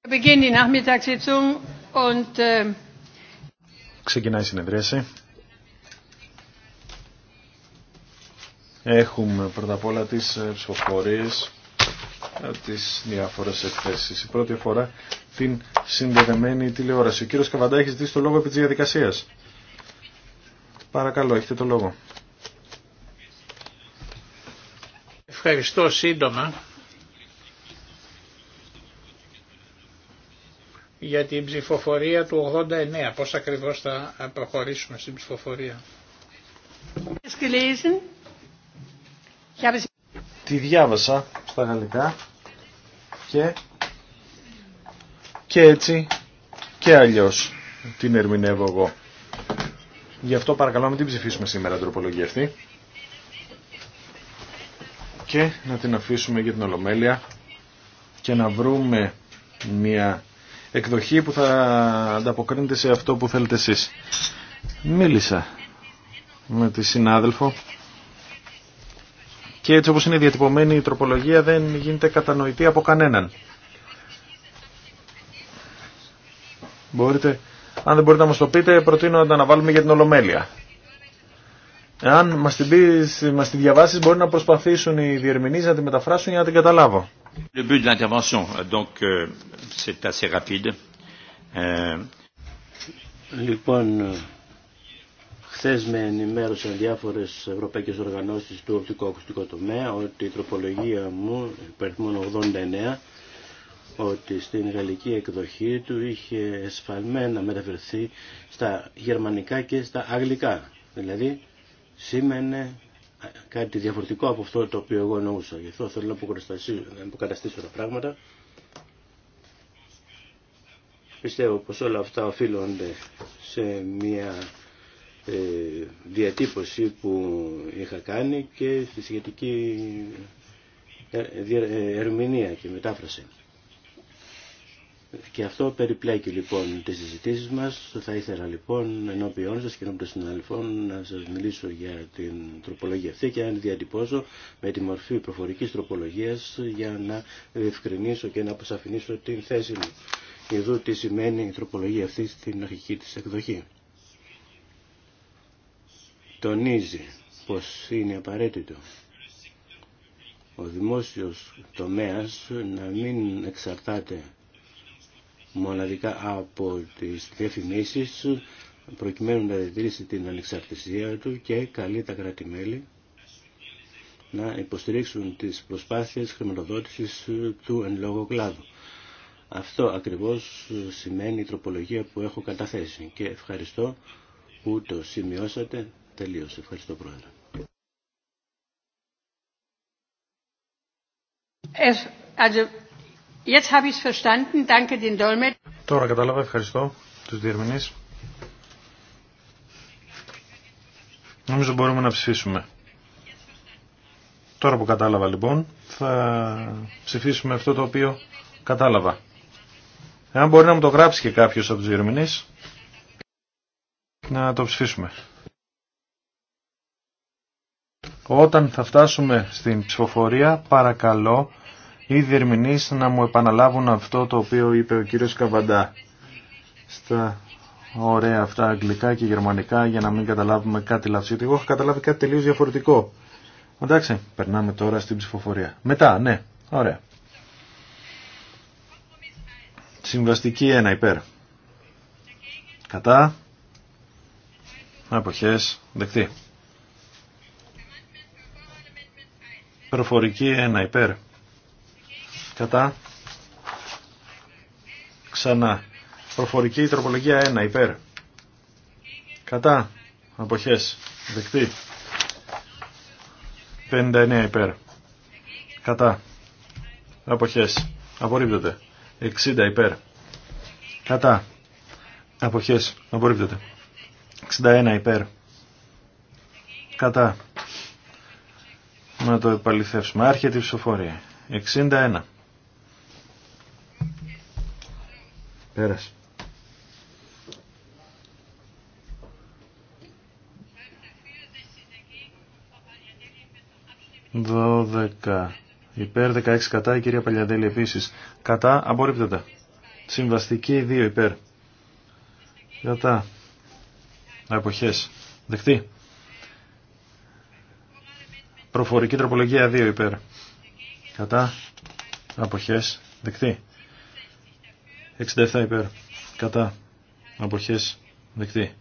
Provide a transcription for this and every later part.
Äh, Ξεκινάει η συνεδρίαση. Έχουμε πρώτα απ' όλα τις ε, ψηφοφορίες, ε, τις διάφορες εκθέσεις. Η πρώτη φορά την συνδεδεμένη τηλεόραση. Ο κύριος Καβαντά έχει ζητήσει το λόγο επί της διαδικασίας. Παρακαλώ, έχετε το λόγο. Ευχαριστώ σύντομα για την ψηφοφορία του 89. Πώς ακριβώς θα προχωρήσουμε στην ψηφοφορία. Τη διάβασα στα γαλλικά και, και έτσι και αλλιώς την ερμηνεύω εγώ. Γι' αυτό παρακαλώ να την ψηφίσουμε σήμερα την τροπολογία αυτή και να την αφήσουμε για την Ολομέλεια και να βρούμε μια εκδοχή που θα ανταποκρίνεται σε αυτό που θέλετε εσείς. Μίλησα με τη συνάδελφο και έτσι όπως είναι διατυπωμένη η τροπολογία δεν γίνεται κατανοητή από κανέναν. Μπορείτε, αν δεν μπορείτε να μας το πείτε, προτείνω να τα αναβάλουμε για την Ολομέλεια. Αν μας τη διαβάσεις μπορεί να προσπαθήσουν οι διερμηνείς να τη μεταφράσουν για να την καταλάβω. Λοιπόν, χθε με ενημέρωσαν διάφορε ευρωπαϊκέ οργανώσει του οπτικοακουστικού τομέα ότι η τροπολογία μου, υπερθμόν 89, ότι στην γαλλική εκδοχή του είχε εσφαλμένα μεταφερθεί στα γερμανικά και στα αγγλικά. Δηλαδή σήμαινε κάτι διαφορετικό από αυτό το οποίο εγώ εννοούσα. Γι' αυτό θέλω να αποκαταστήσω τα πράγματα. Πιστεύω πως όλα αυτά οφείλονται σε μια ε, διατύπωση που είχα κάνει και στη σχετική ε, ε, ερμηνεία και μετάφραση. Και αυτό περιπλέκει λοιπόν τις συζητήσεις μας. Θα ήθελα λοιπόν ενώπιόν σας και ενώπιον των συναδελφών να σας μιλήσω για την τροπολογία αυτή και να την διατυπώσω με τη μορφή προφορική τροπολογία για να διευκρινίσω και να αποσαφηνίσω την θέση μου. Εδώ τι σημαίνει η τροπολογία αυτή στην αρχική της εκδοχή. Τονίζει πω είναι απαραίτητο ο δημόσιος τομέας να μην εξαρτάται μοναδικά από τις διαφημίσεις προκειμένου να διατηρήσει την ανεξαρτησία του και καλεί τα κράτη-μέλη να υποστηρίξουν τις προσπάθειες χρηματοδότησης του εν λόγω κλάδου. Αυτό ακριβώς σημαίνει η τροπολογία που έχω καταθέσει και ευχαριστώ που το σημειώσατε τελείως. Ευχαριστώ Πρόεδρε. Jetzt habe verstanden. Danke den Τώρα κατάλαβα, ευχαριστώ τους διερμηνείς. Νομίζω μπορούμε να ψηφίσουμε. Τώρα που κατάλαβα λοιπόν, θα ψηφίσουμε αυτό το οποίο κατάλαβα. Εάν μπορεί να μου το γράψει και κάποιος από τους διερμηνείς, να το ψηφίσουμε. Όταν θα φτάσουμε στην ψηφοφορία, παρακαλώ Ήδη διερμηνείς να μου επαναλάβουν αυτό το οποίο είπε ο κύριος Καβαντά στα ωραία αυτά αγγλικά και γερμανικά για να μην καταλάβουμε κάτι λάθος. Γιατί εγώ έχω καταλάβει κάτι τελείως διαφορετικό. Εντάξει, περνάμε τώρα στην ψηφοφορία. Μετά, ναι, ωραία. Συμβαστική 1 υπέρ. Κατά. Αποχές. Δεκτή. Προφορική 1 υπέρ. Κατά. Ξανά. Προφορική τροπολογία 1. Υπέρ. Κατά. Αποχές. Δεκτή. 59 υπέρ. Κατά. Αποχές. Απορρίπτεται. 60 υπέρ. Κατά. Αποχές. Απορρίπτεται. 61 υπέρ. Κατά. Να το επαληθεύσουμε. Άρχεται η ψηφοφορία. 61. Πέρασε. Δώδεκα. Υπέρ 16 κατά, η κυρία Παλιαδέλη επίσης. Κατά, απορρίπτεται. Συμβαστική 2 υπέρ. Κατά. Αποχές. Δεκτή. Προφορική τροπολογία 2 υπέρ. Κατά. Αποχές. Δεκτή. 67 υπέρ. Κατά. Αποχές. Δεκτή.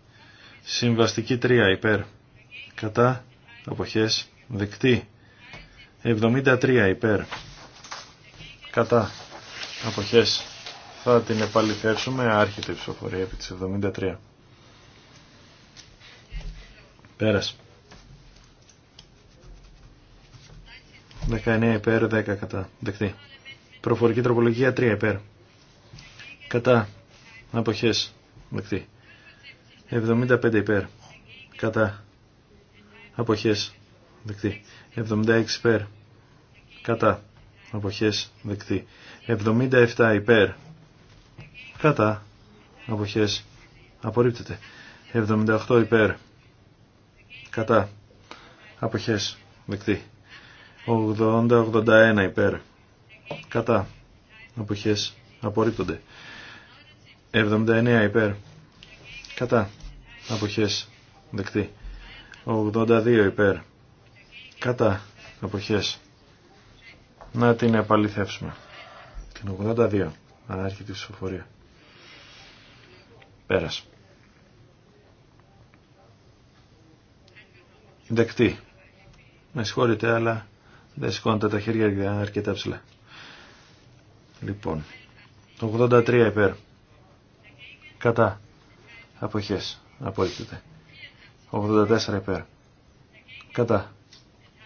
Συμβαστική 3 υπέρ. Κατά. Αποχές. Δεκτή. 73 υπέρ. Κατά. Αποχές. Θα την επαληθεύσουμε. Άρχεται η ψηφοφορία επί της 73. Πέρας. 19 υπέρ, 10 κατά. Δεκτή. Προφορική τροπολογία 3 υπέρ κατά αποχές δεκτή 75 υπέρ κατά αποχές δεκτή 76 υπέρ κατά αποχές δεκτή 77 υπέρ κατά αποχές απορρίπτεται 78 υπέρ κατά αποχές δεκτή 80-81 υπέρ κατά αποχές απορρίπτονται 79 υπέρ. Κατά. Αποχές. Δεκτή. 82 υπέρ. Κατά. Αποχές. Να την επαληθεύσουμε. Την 82. έρχεται η ψηφοφορία. Πέρας. Δεκτή. Με συγχωρείτε, αλλά δεν σηκώνετε τα χέρια αρκετά ψηλά. Λοιπόν, 83 υπέρ κατά αποχές απορρίπτεται 84 υπέρ κατά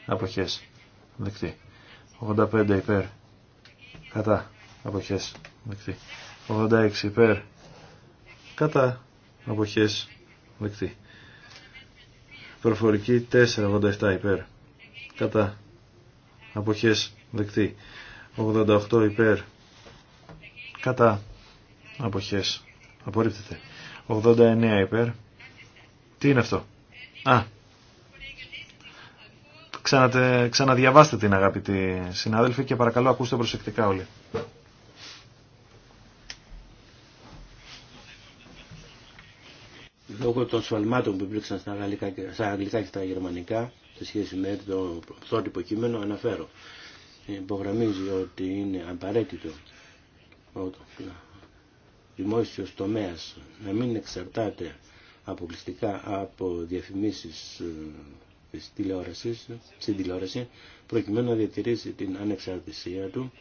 αποχές δεκτή 85 υπέρ κατά αποχές δεκτή 86 υπέρ κατά αποχές δεκτή προφορική 487 υπέρ κατά αποχές δεκτή 88 υπέρ κατά αποχές Απορρίπτεται. 89 υπέρ. Τι είναι αυτό. Α. Ξανατε, ξαναδιαβάστε την αγαπητή συνάδελφοι και παρακαλώ ακούστε προσεκτικά όλοι. Λόγω των σφαλμάτων που υπήρξαν στα, γαλλικά, στα αγγλικά και στα γερμανικά σε σχέση με το πρωτότυπο κείμενο αναφέρω. Υπογραμμίζει ότι είναι απαραίτητο δημόσιος τομέας να μην εξαρτάται αποκλειστικά από διαφημίσεις ε, στην τηλεόραση, προκειμένου να διατηρήσει την ανεξαρτησία του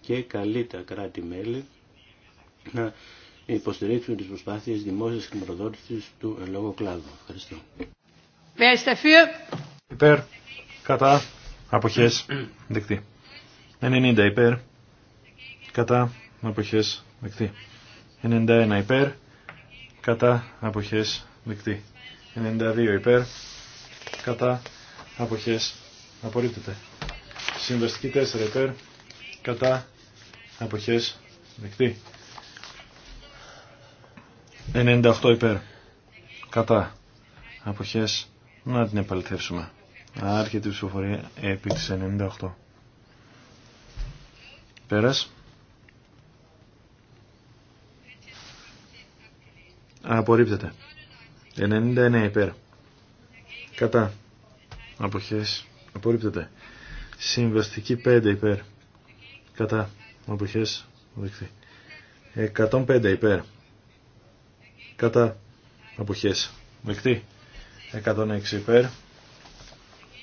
και καλεί τα κράτη-μέλη να υποστηρίξουν τις προσπάθειες δημόσιας χρηματοδότησης του εν κλάδου. Ευχαριστώ. Υπέρ, κατά, αποχές, δεκτή. 90 υπέρ, κατά, αποχές, δεκτή. 91 υπέρ, κατά αποχές δεκτή. 92 υπέρ, κατά αποχές απορρίπτεται. Συμβαστική 4 υπέρ, κατά αποχές δεκτή. 98 υπέρ, κατά αποχές να την επαληθεύσουμε. Άρχεται η ψηφοφορία επί της 98. Πέρας. Απορρίπτεται. 99 υπέρ. Κατά. Αποχές. Απορρίπτεται. Συμβαστική 5 υπέρ. Κατά. Αποχές. Δεκτή. 105 υπέρ. Κατά. Αποχές. Δεκτή. 106 υπέρ.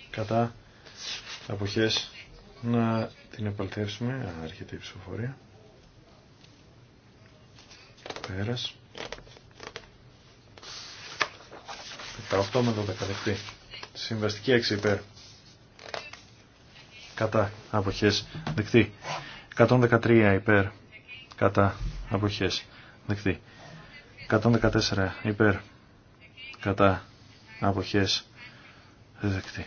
Κατά. Αποχές. Να την επαλτεύσουμε. Άρχεται η ψηφοφορία. Πέρας. 8 με 12 δεκτή. Συμβαστική 6 υπέρ. Κατά αποχές δεκτή. 113 υπέρ. Κατά αποχές δεκτή. 114 υπέρ. Κατά αποχές δεκτή.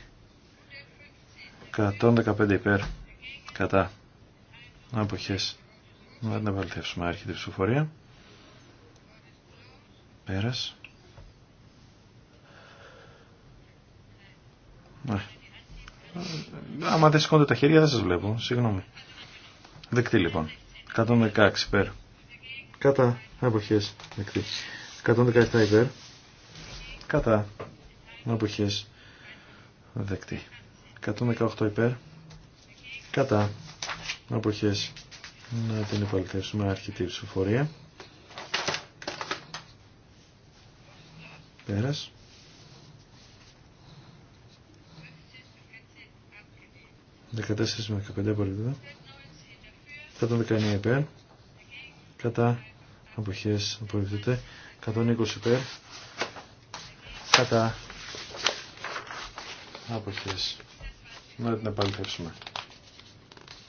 115 υπέρ. Κατά αποχές. Να θα βαλτεύσουμε. Άρχεται η ψηφοφορία. Πέρας. Ναι. Άμα δεν σηκώνετε τα χέρια δεν σας βλέπω. Συγγνώμη. Δεκτή λοιπόν. 116 υπέρ. Κατά αποχές δεκτή. 117 υπέρ. Κατά αποχές δεκτή. 118 υπέρ. Κατά αποχές να την με αρχιτή ψηφοφορία. Πέρας. 14 με 15 απορρίπτεται. 119 υπέρ. Κατά αποχές απορρίπτεται. 120 υπέρ. Κατά αποχές. Να την επαληθεύσουμε.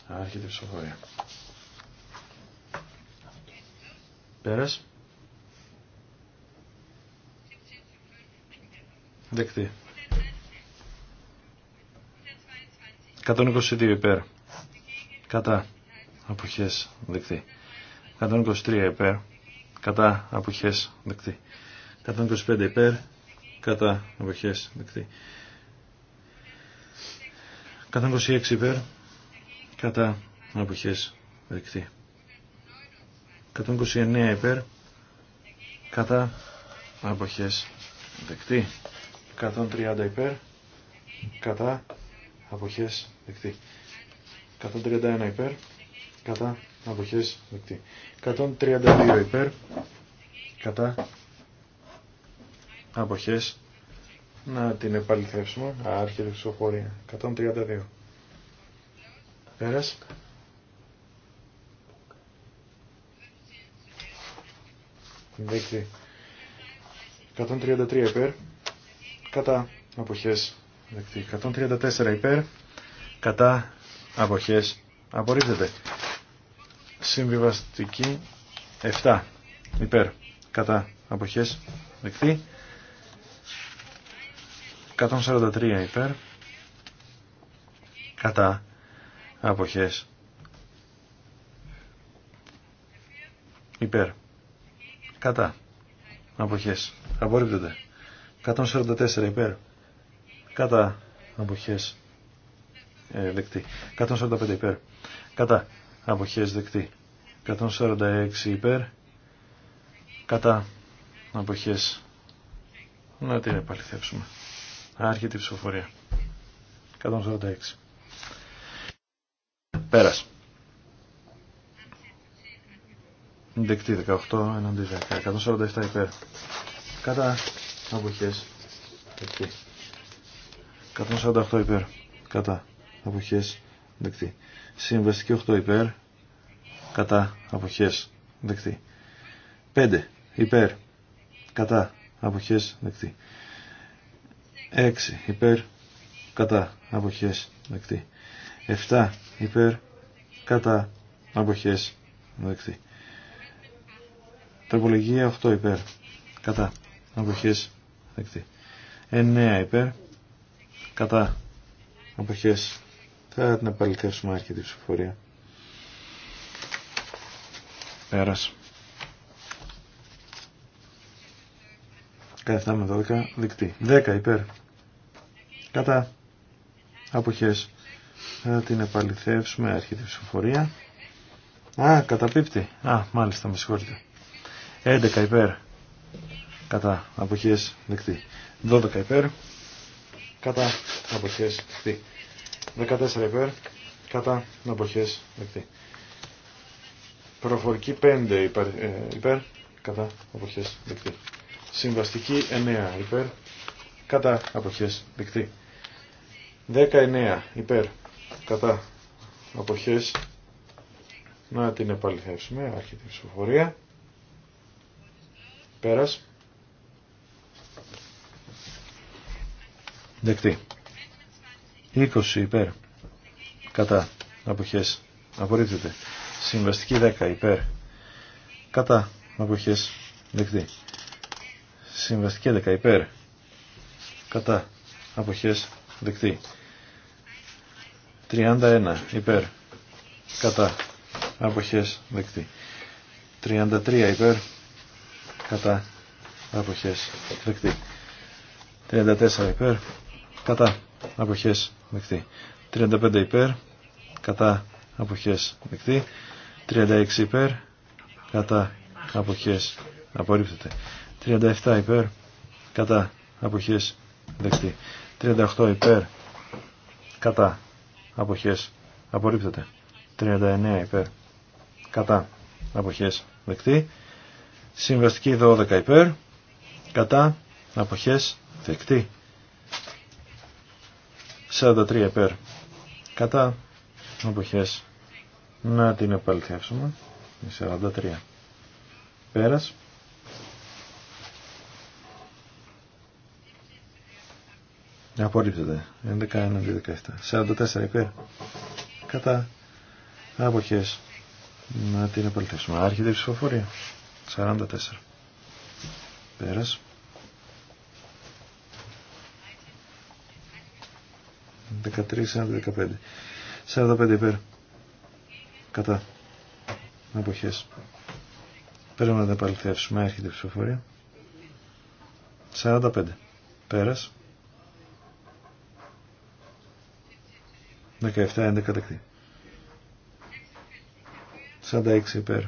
Άρχεται η ψηφοφορία. Πέρας. Δεκτή. 122 υπέρ. Κατά. Αποχές δεκτή. 123 υπέρ. Κατά. Αποχές δεκτή. 125 υπέρ. Κατά. Αποχές δεκτή. 126 υπέρ. Κατά. Αποχές δεκτή. 129 υπέρ. Κατά. Αποχές δεκτή. 130 υπέρ. Κατά αποχές δεκτή. 131 υπέρ, κατά αποχές δεκτή. 132 υπέρ, κατά αποχές να την επαληθεύσουμε. Άρχεται ψηφοφορία. 132. Πέρας. Δεκτή. 133 υπέρ. Κατά αποχές δεκτή. 134 υπέρ, κατά αποχές απορρίπτεται. Συμβιβαστική 7 υπέρ, κατά αποχές δεκτή. 143 υπέρ, κατά αποχές υπέρ, κατά αποχές απορρίπτεται. 144 υπέρ, κατά αποχές ε, δεκτή. 145 υπέρ. Κατά αποχές δεκτή. 146 υπέρ. Κατά αποχές. Να την επαληθεύσουμε. Άρχεται η ψηφοφορία. 146. Πέρας. Δεκτή 18 εναντί 10. 147 υπέρ. Κατά αποχές. δεκτεί. 148 υπέρ. Κατά. αποχέ, Δεκτή. Συμβαστική 8 υπέρ. Κατά. Αποχές. Δεκτή. 5 υπέρ. Κατά. Αποχές. Δεκτή. 6 υπέρ. Κατά. αποχέ, Δεκτή. 7 υπέρ. Κατά. Αποχές. Δεκτή. Τροπολογία 8 υπέρ. Κατά. αποχέ, Δεκτή. 9 υπέρ κατά αποχές θα την επαληθεύσουμε άρχεται η ψηφοφορία πέρας 17 με 12 δικτή 10 υπέρ κατά αποχές θα την επαληθεύσουμε άρχεται η ψηφοφορία α καταπίπτει α μάλιστα με συγχωρείτε 11 υπέρ κατά αποχές δεκτή 12 υπέρ κατά αποχές δεκτή. 14 υπέρ κατά αποχές δεκτή. Προφορική 5 υπέρ, ε, υπέρ κατά αποχές δεκτή. Συμβαστική 9 υπέρ κατά αποχές δεκτή. 19 υπέρ κατά αποχές να την επαληθεύσουμε άρχεται η ψηφοφορία πέρας Δεκτή. 20 υπέρ. Κατά. Αποχές. Απορρίπτεται. Συμβαστική 10 υπέρ. Κατά. Αποχές. Δεκτή. Συμβαστική 11 υπέρ. Κατά. Αποχές. Δεκτή. 31 υπέρ. Κατά. Αποχές. Δεκτή. 33 υπέρ. Κατά. Αποχές. Δεκτή. 34 υπέρ κατά αποχές δεκτή. 35 υπέρ κατά αποχές δεκτή. 36 υπέρ κατά αποχές απορρίπτεται. 37 υπέρ κατά αποχές δεκτή. 38 υπέρ κατά αποχές απορρίπτεται. 39 υπέρ κατά αποχές δεκτή. Συμβαστική 12 υπέρ κατά αποχές δεκτή. 43 υπέρ. Κατά αποχές να την επαληθεύσουμε. 43. Πέρας. Απορρίπτεται. 11-17. 44 υπέρ. Κατά αποχές να την επαληθεύσουμε. Άρχεται η ψηφοφορία. 44. Πέρας. 13 15. 45 υπέρ. Κατά. εποχέ. Πρέπει να τα επαληθεύσουμε. Έρχεται η ψηφοφορία. 45. Πέρα. 17 11 δεκτή. 46 υπέρ.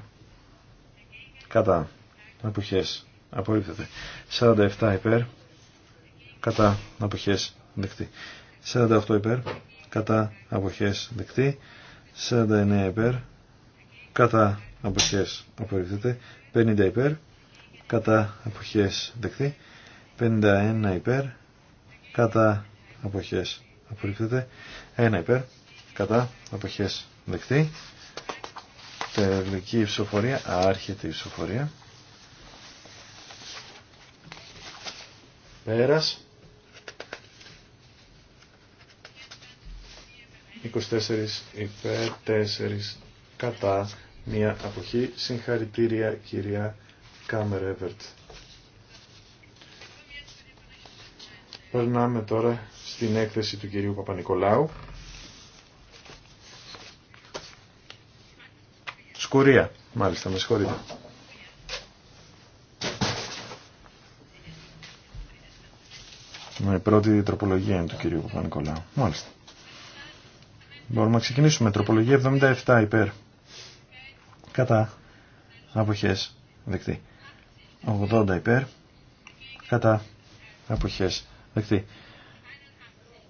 Κατά. Αποχές. Απορρίπτεται. 47 υπέρ. Κατά. Αποχές. Δεκτή. 48 υπέρ κατά αποχές δεκτή 49 υπέρ κατά αποχές απορριφθείται 50 υπέρ κατά αποχές δεκτή 51 υπέρ κατά αποχές απορριφθείται 1 υπέρ κατά αποχές δεκτή τελική ψηφοφορία άρχεται η ψηφοφορία πέρας 24 υπέρ 4 κατά μία αποχή. Συγχαρητήρια κυρία κάμερεβέρτ. Περνάμε τώρα στην έκθεση του κυρίου Παπα-Νικολάου. Σκουρία, μάλιστα, με συγχωρείτε. Με πρώτη τροπολογία είναι του κυρίου Παπα-Νικολάου. Μάλιστα. Μπορούμε να ξεκινήσουμε. Τροπολογία 77 υπέρ. Κατά. Αποχές. Δεκτή. 80 υπέρ. Κατά. Αποχές. Δεκτή.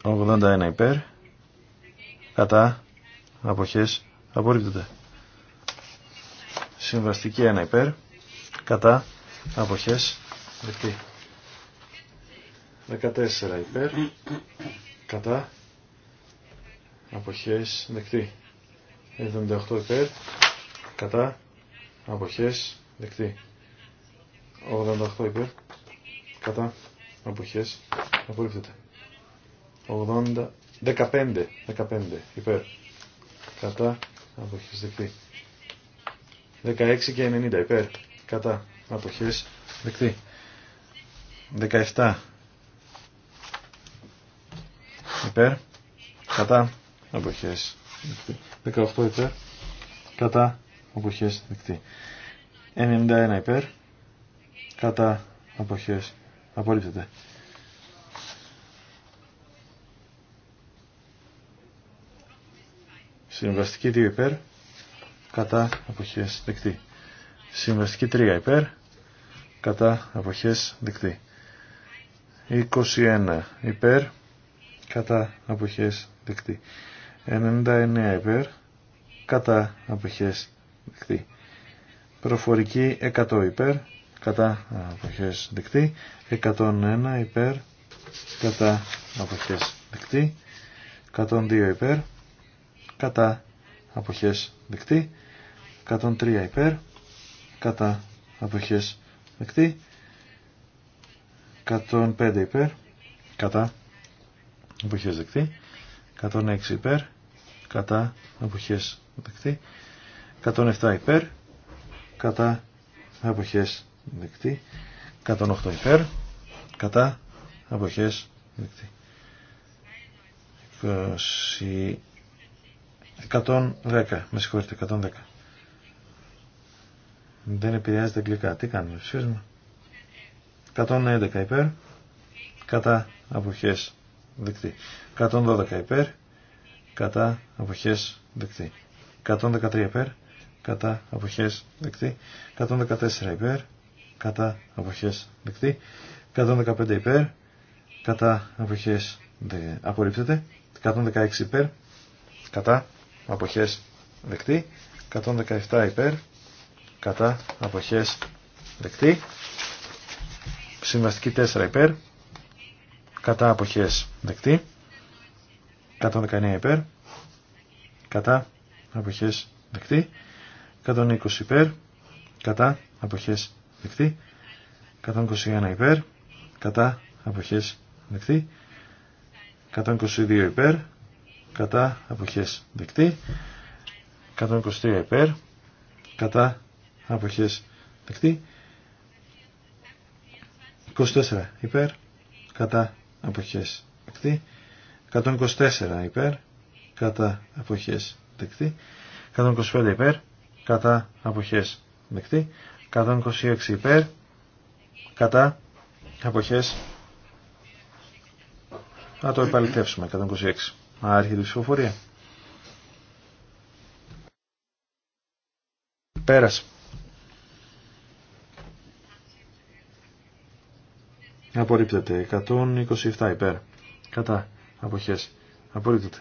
81 υπέρ. Κατά. Αποχές. Απορρίπτεται. Συμβαστική 1 υπέρ. Κατά. Αποχές. Δεκτή. 14 υπέρ. Κατά αποχές δεκτή. 78 υπέρ, κατά, αποχές δεκτή. 88 υπέρ, κατά, αποχές, απορρίπτεται. 80, 15, 15 υπέρ, κατά, αποχές δεκτή. 16 και 90 υπέρ, κατά, αποχές δεκτή. 17 υπέρ, κατά, αποχές δεκτή. 18 υπέρ κατά αποχές δεκτή. 91 υπέρ κατά αποχές απορρίπτεται. Συμβαστική 2 υπέρ κατά αποχές δεκτή. Συμβαστική 3 υπέρ κατά αποχές δεκτή. 21 υπέρ κατά αποχές δεκτή. 99 υπέρ κατά αποχές δεκτή. Προφορική 100 υπέρ κατά αποχές δεκτή. 101 υπέρ κατά αποχές δεκτή. 102 υπέρ κατά αποχές δεκτή. 103 υπέρ κατά αποχές δεκτή. 105 υπέρ κατά αποχές δεκτή. 106 υπέρ κατά αποχές δεκτή 107 υπέρ κατά αποχές δεκτή 108 υπέρ κατά αποχές δεκτή 110 με συγχωρείτε 110 δεν επηρεάζεται αγγλικά τι κάνουμε μου. 111 υπέρ κατά αποχές δεκτή 112 υπέρ, κατά αποχές δεκτή. 113 υπέρ, κατά αποχές δεκτή. 114 υπέρ, κατά αποχές δεκτή. 115 υπέρ, κατά αποχές δε, απορρίπτεται. 116 υπέρ, κατά αποχές δεκτή. 117 υπέρ, κατά αποχές δεκτή. Συμβαστική 4 υπέρ, κατά αποχές δεκτή. 119 υπέρ, κατά, αποχές δεκτή. 120 υπέρ, κατά, αποχές δεκτή. 121 υπέρ, κατά, αποχές δεκτή. 122 υπέρ, κατά, αποχές δεκτή. 123 υπέρ, κατά, αποχές δεκτή. 24 υπέρ, κατά, αποχές δεκτή. 124 υπέρ κατά αποχές δεκτή 125 υπέρ κατά αποχές δεκτή 126 υπέρ κατά αποχές να το επαληθεύσουμε 126 Αρχή η ψηφοφορία πέρασε απορρίπτεται 127 υπέρ κατά αποχές απορρίπτεται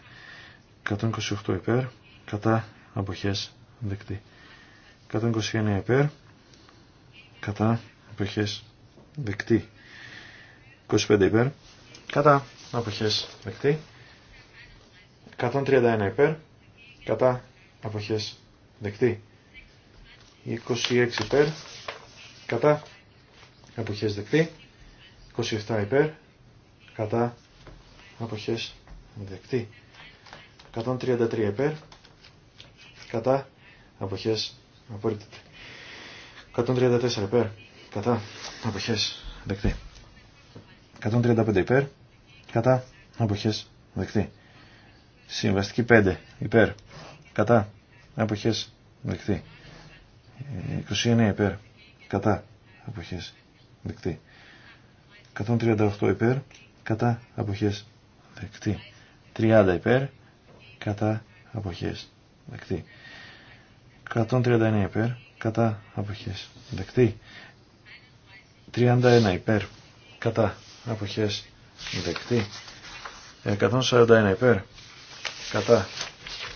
128 υπέρ κατά αποχές δεκτή 129 υπέρ κατά αποχές δεκτή 25 υπέρ κατά αποχές δεκτή 131 υπέρ κατά αποχές δεκτή 26 υπέρ κατά αποχές δεκτή 27 υπέρ κατά αποχές δεκτή 133 υπέρ κατά αποχές απορρίπτεται 134 υπέρ κατά αποχές δεκτή 135 υπέρ κατά αποχές δεκτή συμβαστική 5 υπέρ κατά αποχές δεκτή 29 υπέρ κατά αποχές δεκτή 138 υπέρ κατά αποχές δεκτή. 30 υπέρ, κατά αποχές, δεκτή. 139 υπέρ, κατά αποχές, δεκτή. 31 υπέρ, κατά αποχές, δεκτή. 141 υπέρ, κατά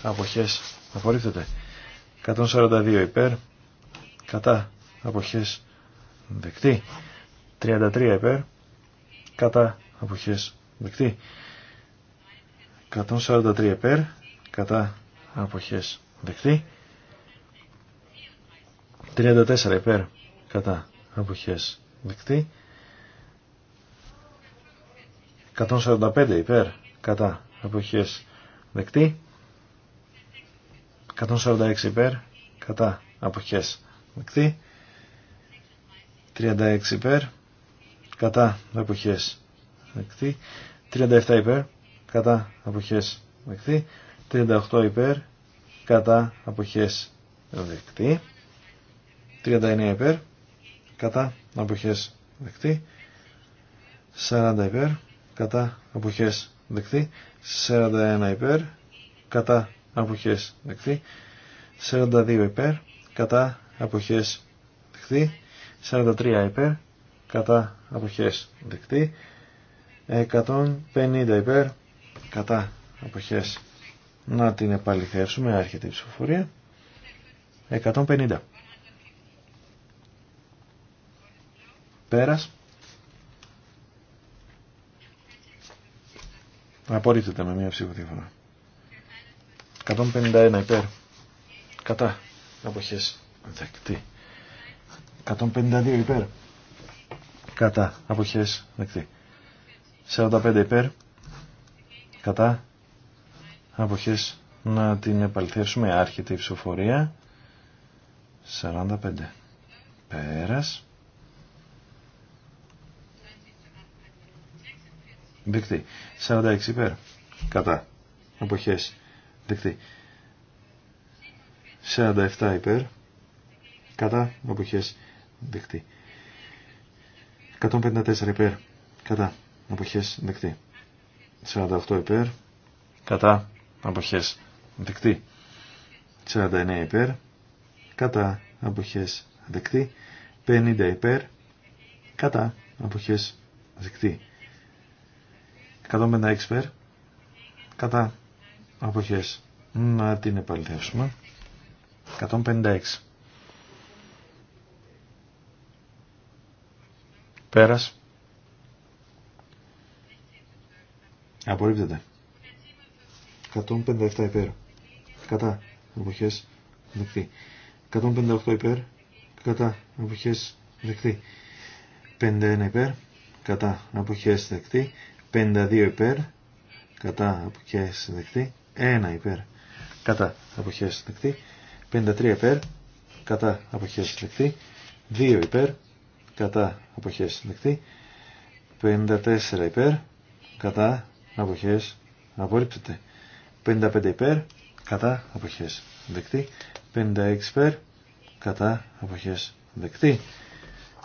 αποχές, απορρίπτεται. 142 υπέρ, κατά αποχές, δεκτή. 33 υπέρ, κατά αποχές, δεκτή. 143 υπέρ κατά αποχές δεκτή 34 υπέρ κατά αποχές δεκτή 145 υπέρ κατά αποχές δεκτή 146 υπέρ κατά αποχές δεκτή 36 υπέρ κατά αποχές δεκτή 37 υπέρ κατά αποχές δεκτή 38 υπέρ κατά αποχές δεκτή 39 υπέρ κατά αποχές δεκτή 40 υπέρ κατά αποχές δεκτή 41 υπέρ κατά αποχές δεκτή 42 υπέρ κατά αποχές δεκτή 43 υπέρ κατά αποχές δεκτή 150 υπέρ κατά αποχές να την επαληθεύσουμε άρχεται η ψηφοφορία 150 πέρας απορρίπτεται με μία ψήφο 151 υπέρ κατά αποχές δεκτή 152 υπέρ κατά αποχές δεκτή 45 υπέρ κατά αποχές να την επαληθεύσουμε άρχεται η ψηφοφορία 45 πέρας δεκτή 46 πέρα κατά αποχές δεκτή 47 υπέρ κατά αποχές δεκτή 154 υπέρ κατά αποχές δεκτή 48 υπέρ. Κατά. Αποχές. Δεκτή. 49 υπέρ. Κατά. Αποχές. Δεκτή. 50 υπέρ. Κατά. Αποχές. Δεκτή. 156 υπέρ. Κατά. Αποχές. Να την επαληθεύσουμε. 156. Πέρας. Απορρίπτεται. 157 υπέρ. Κατά. εποχέ, Δεκτή. 158 υπέρ. Κατά. Αποχές. Δεκτή. 51 υπέρ. Κατά. Αποχές. Δεκτή. 52 υπέρ. Κατά. Αποχές. Δεκτή. 1 υπέρ. Κατά. Αποχές. Δεκτή. 53 υπέρ. Κατά. Αποχές. Δεκτή. 2 υπέρ. Κατά. Αποχές. Δεκτή. 54 υπέρ. Κατά αποχές απορρίπτεται. 55 υπέρ κατά αποχές δεκτή. 56 υπέρ κατά αποχές δεκτή.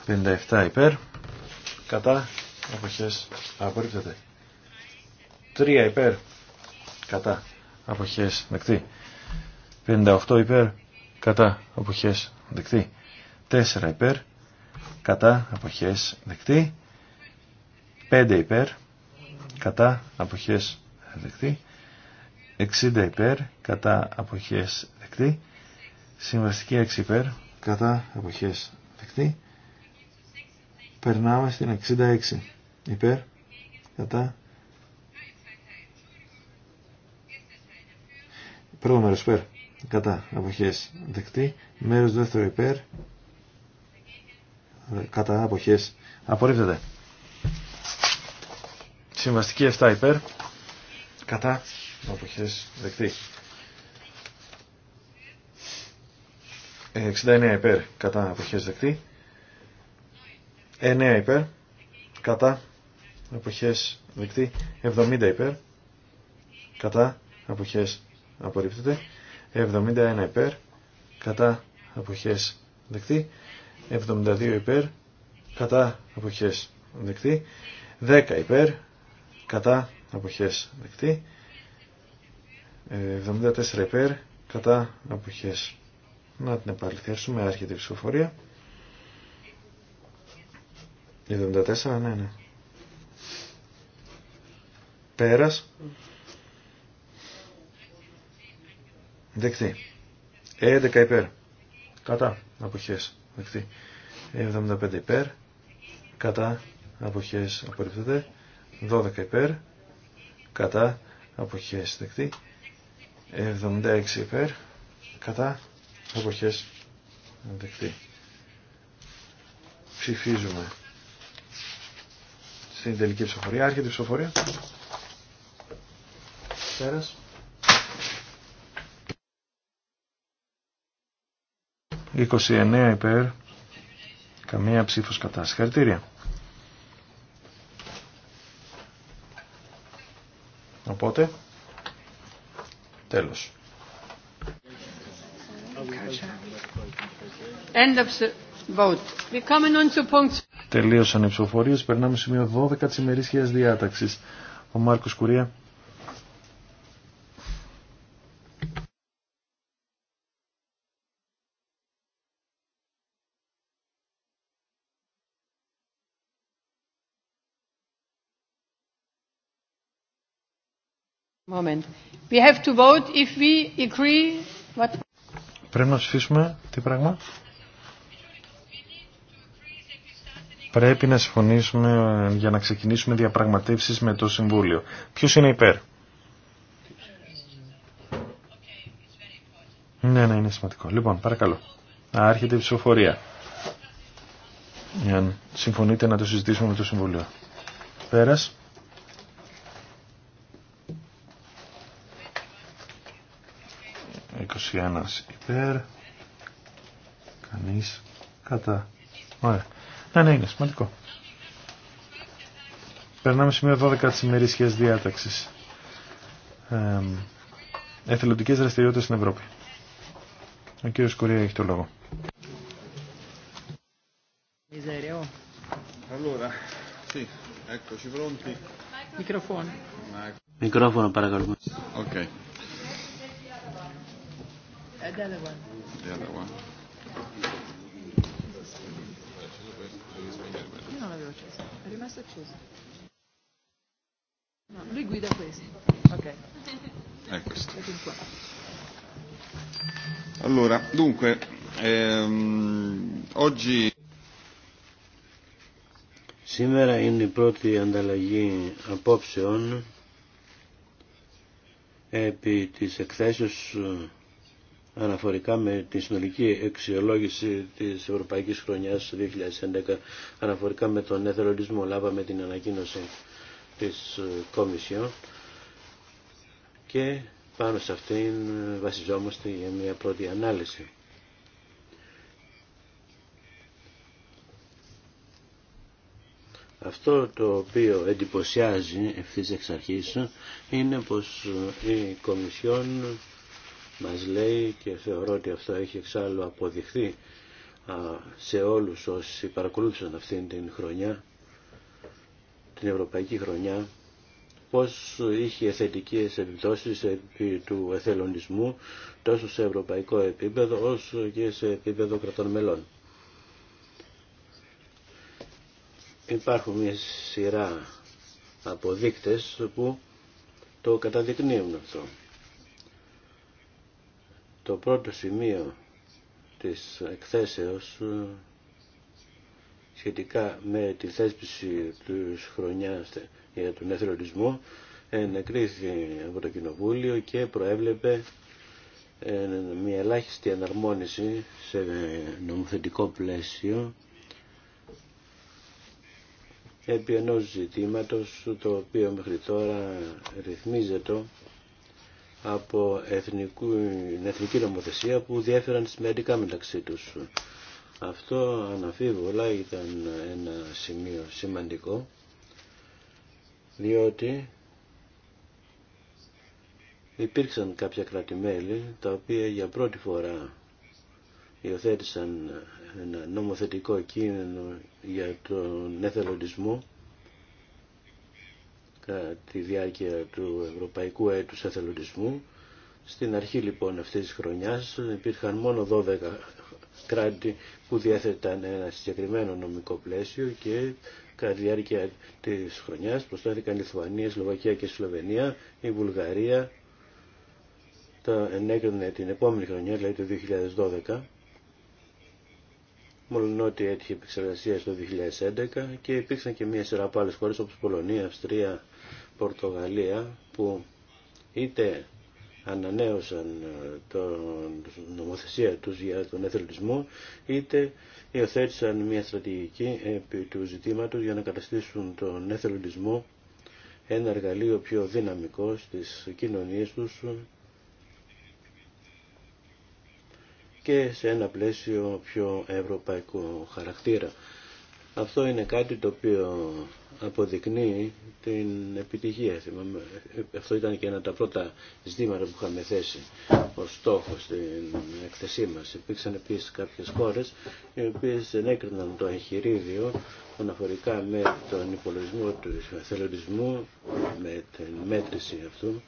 57 υπέρ κατά αποχές απορρίπτεται. 3 υπέρ κατά αποχέ, δεκτή. 58 υπέρ κατά αποχές δεκτή. 4 υπέρ κατά αποχές δεκτή. 5 υπέρ κατά αποχές δεκτή 60 υπέρ κατά αποχές δεκτή συμβαστική 6 υπέρ κατά αποχές δεκτή περνάμε στην 66 υπέρ κατά πρώτο μέρος υπέρ κατά αποχές δεκτή μέρος δεύτερο υπέρ κατά αποχές απορρίπτεται Συμβαστική 7 υπέρ. Κατά. Αποχές δεκτή. 69 υπέρ. Κατά. Αποχές δεκτή. 9 υπέρ. Κατά. Αποχές δεκτή. 70 υπέρ. Κατά. Αποχές απορρίπτεται. 71 υπέρ. Κατά. Αποχές δεκτή. 72 υπέρ. Κατά. Αποχές δεκτή. 10 υπέρ κατά αποχές δεκτή 74 υπέρ κατά αποχές να την επαληθεύσουμε άρχεται η ψηφοφορία 74 ναι ναι πέρας δεκτή 11 υπέρ κατά αποχές δεκτή 75 υπέρ κατά αποχές Απορριφθείτε. 12 υπέρ, κατά αποχές δεκτή, 76 υπέρ, κατά αποχές δεκτή. Ψηφίζουμε στην τελική ψηφοφορία, άρχεται η ψηφοφορία. Πέρας. «29 υπέρ, καμία ψήφος κατά. Συγχαρητήρια». Οπότε, τέλος. End of the vote. We on to Τελείωσαν οι ψηφοφορίες, περνάμε σημείο 12 της ημερήσιας διάταξης. Ο Μάρκος Κουρία Πρέπει να ψηφίσουμε τι πράγμα. Πρέπει να συμφωνήσουμε για να ξεκινήσουμε διαπραγματεύσεις με το Συμβούλιο. Ποιος είναι υπέρ. Ναι, ναι, είναι σημαντικό. Λοιπόν, παρακαλώ. Άρχεται η ψηφοφορία. Αν συμφωνείτε να το συζητήσουμε με το Συμβούλιο. Πέρας. ένας υπέρ. Κανείς κατά. Ωραία. Ναι, ναι, είναι σημαντικό. Περνάμε σημείο 12 της ημερήσιας διάταξης. Ε, εθελοντικές δραστηριότητες στην Ευρώπη. Ο κύριος Κουρία έχει το λόγο. Μικρόφωνο παρακαλώ. Okay the Io non l'avevo acceso, è rimasto acceso. No, lui guida Ok. È questo. Allora, dunque, ehm, oggi... Σήμερα είναι η πρώτη ανταλλαγή απόψεων επί της εκθέσεως αναφορικά με τη συνολική αξιολόγηση της Ευρωπαϊκής Χρονιάς 2011 αναφορικά με τον εθελοντισμό λάβαμε την ανακοίνωση της ε, Κόμισιον και πάνω σε αυτήν ε, βασιζόμαστε για μια πρώτη ανάλυση. Αυτό το οποίο εντυπωσιάζει ευθύς εξ αρχής είναι πως ε, η Κομισιόν μας λέει και θεωρώ ότι αυτό έχει εξάλλου αποδειχθεί σε όλους όσοι παρακολούθησαν αυτήν την χρονιά, την ευρωπαϊκή χρονιά, πως είχε θετικές επιπτώσεις του εθελοντισμού τόσο σε ευρωπαϊκό επίπεδο όσο και σε επίπεδο κρατών μελών. Υπάρχουν μια σειρά αποδείκτες που το καταδεικνύουν αυτό. Το πρώτο σημείο της εκθέσεως ε, σχετικά με τη θέσπιση της χρονιάς για τον εθελοντισμό ενεκρίθη από το Κοινοβούλιο και προέβλεπε ε, μια ελάχιστη αναρμόνιση σε νομοθετικό πλαίσιο επί ενός ζητήματος το οποίο μέχρι τώρα ρυθμίζεται από εθνικού, εθνική νομοθεσία που διέφεραν σημαντικά μεταξύ τους. Αυτό αναφίβολα ήταν ένα σημείο σημαντικό διότι υπήρξαν κάποια κρατημέλη τα οποία για πρώτη φορά υιοθέτησαν ένα νομοθετικό κείμενο για τον εθελοντισμό τη διάρκεια του Ευρωπαϊκού Έτους Εθελοντισμού. Στην αρχή λοιπόν αυτής της χρονιάς υπήρχαν μόνο 12 κράτη που διέθεταν ένα συγκεκριμένο νομικό πλαίσιο και κατά τη διάρκεια της χρονιάς προστάθηκαν Λιθουανία, Σλοβακία και Σλοβενία, η Βουλγαρία τα ενέκρινε την επόμενη χρονιά, δηλαδή το 2012, μόλον ότι έτυχε επεξεργασία στο 2011 και υπήρξαν και μια σειρά από άλλες χώρες όπως Πολωνία, Αυστρία, Πορτογαλία που είτε ανανέωσαν ε, τον νομοθεσία τους για τον εθελοντισμό είτε υιοθέτησαν μια στρατηγική επί του ζητήματος για να καταστήσουν τον εθελοντισμό ένα εργαλείο πιο δυναμικό στις κοινωνίες τους και σε ένα πλαίσιο πιο ευρωπαϊκό χαρακτήρα. Αυτό είναι κάτι το οποίο αποδεικνύει την επιτυχία. Αυτό ήταν και ένα από τα πρώτα ζητήματα που είχαμε θέσει ως στόχο στην εκθεσή μα. Υπήρξαν επίση κάποιες χώρες οι οποίες ενέκριναν το εγχειρίδιο αναφορικά με τον υπολογισμό του εθελοντισμού, με την μέτρηση αυτού.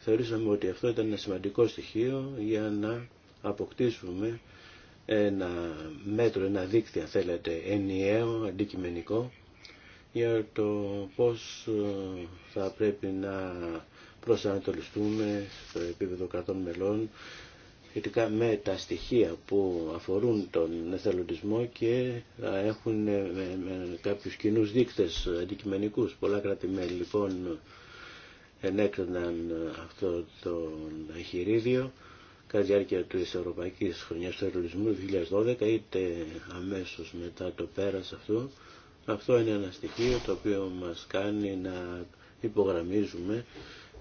Θεωρήσαμε ότι αυτό ήταν ένα σημαντικό στοιχείο για να αποκτήσουμε ένα μέτρο, ένα δίκτυο, θέλετε, ενιαίο, αντικειμενικό, για το πώς ε, θα πρέπει να προσανατολιστούμε στο επίπεδο κρατών μελών σχετικά με τα στοιχεία που αφορούν τον εθελοντισμό και θα έχουν ε, κάποιους κοινούς δείκτες αντικειμενικούς. Πολλά κράτη-μέλη λοιπόν ενέκριναν αυτό το εγχειρίδιο κατά τη διάρκεια της Ευρωπαϊκής Χρονιάς του Εθελοντισμού 2012 είτε αμέσως μετά το πέρας αυτού αυτό είναι ένα στοιχείο το οποίο μας κάνει να υπογραμμίζουμε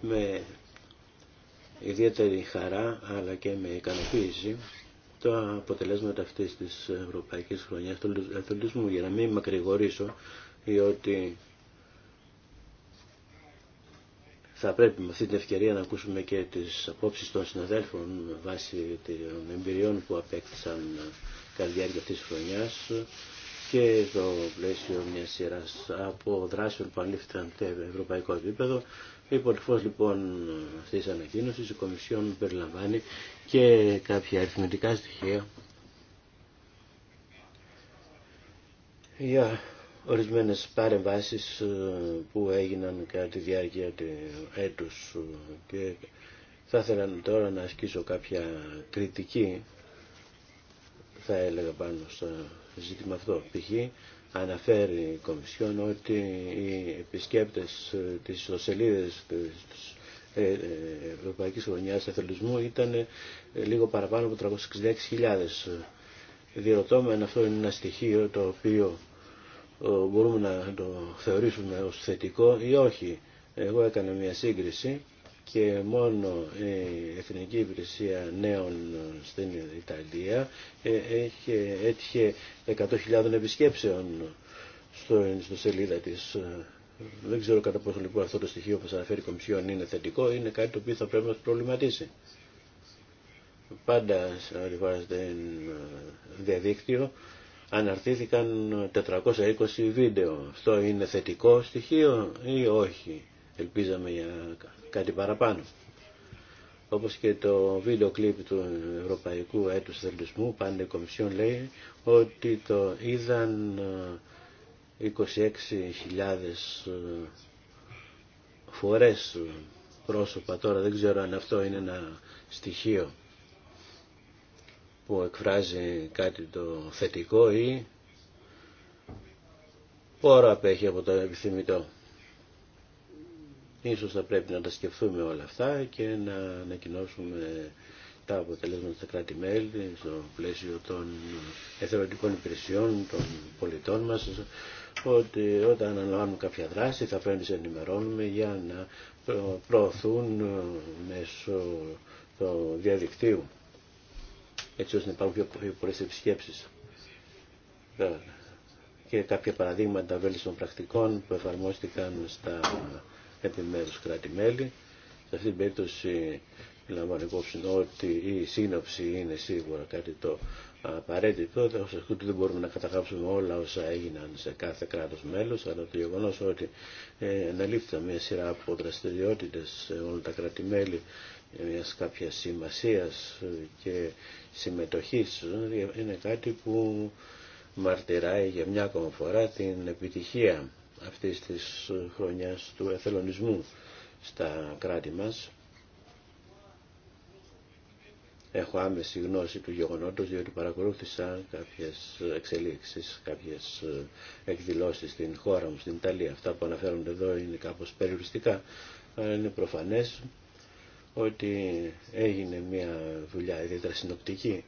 με ιδιαίτερη χαρά αλλά και με ικανοποίηση το αποτελέσματα αυτής της Ευρωπαϊκής Χρονιάς του Αθλητισμού για να μην μακρηγορήσω διότι θα πρέπει με αυτή την ευκαιρία να ακούσουμε και τις απόψεις των συναδέλφων βάσει των εμπειριών που απέκτησαν κατά διάρκεια αυτής της χρονιάς και στο πλαίσιο μια σειρά από δράσεων που ανήφθηκαν σε ευρωπαϊκό επίπεδο. Υπό λοιπόν αυτή τη ανακοίνωση, η Κομισιόν περιλαμβάνει και κάποια αριθμητικά στοιχεία για ορισμένε παρεμβάσει ε, που έγιναν κατά τη διάρκεια του έτου, και θα ήθελα τώρα να ασκήσω κάποια κριτική θα έλεγα πάνω στο ζήτημα αυτό. Π.χ. αναφέρει η Κομισιόν ότι οι επισκέπτες της ιστοσελίδες της ε, ε, Ευρωπαϊκής Χρονιάς Εθελισμού ήταν ε, λίγο παραπάνω από 366.000. Διερωτώ αυτό είναι ένα στοιχείο το οποίο μπορούμε να το θεωρήσουμε ως θετικό ή όχι. Εγώ έκανα μια σύγκριση και μόνο η Εθνική Υπηρεσία Νέων στην Ιταλία ε, έχει, έτυχε 100.000 επισκέψεων στο, στο σελίδα της. Ε, δεν ξέρω κατά πόσο λοιπόν αυτό το στοιχείο που σας αναφέρει η Κομισιόν είναι θετικό, είναι κάτι το οποίο θα πρέπει να προβληματίσει. Πάντα ανεβάζεται διαδίκτυο, αναρτήθηκαν 420 βίντεο. Αυτό είναι θετικό στοιχείο ή όχι. Ελπίζαμε για κάτι παραπάνω. Όπως και το βίντεο κλιπ του Ευρωπαϊκού Έτους Θελισμού, πάντα η Κομισιόν λέει ότι το είδαν 26.000 ε, ε, φορές πρόσωπα. Τώρα δεν ξέρω αν αυτό είναι ένα στοιχείο που εκφράζει κάτι το θετικό ή πόρο απέχει από το επιθυμητό. Ίσως θα πρέπει να τα σκεφτούμε όλα αυτά και να ανακοινώσουμε τα αποτελέσματα στα κράτη-μέλη στο πλαίσιο των εθελοντικών υπηρεσιών των πολιτών μας ότι όταν αναλαμβάνουν κάποια δράση θα πρέπει να τις ενημερώνουμε για να προωθούν μέσω το διαδικτύου έτσι ώστε να υπάρχουν πιο πολλές επισκέψεις και κάποια παραδείγματα βέλτιστων πρακτικών που εφαρμόστηκαν στα επιμέρους κράτη-μέλη. Σε αυτήν την περίπτωση λαμβάνω υπόψη ότι η σύνοψη είναι σίγουρα κάτι το απαραίτητο, δεν μπορούμε να καταγράψουμε όλα όσα έγιναν σε κάθε κράτος μέλος, αλλά το γεγονό ότι ε, μια σειρά από δραστηριότητες σε όλα τα κράτη-μέλη ε, μια κάποια σημασία και συμμετοχής ε, είναι κάτι που μαρτυράει για μια ακόμα φορά την επιτυχία αυτής της χρονιάς του εθελονισμού στα κράτη μας. Έχω άμεση γνώση του γεγονότος διότι παρακολούθησα κάποιες εξελίξεις, κάποιες ε, εκδηλώσεις στην χώρα μου, στην Ιταλία. Αυτά που αναφέρονται εδώ είναι κάπως περιοριστικά, αλλά είναι προφανές ότι έγινε μια δουλειά ιδιαίτερα συνοπτική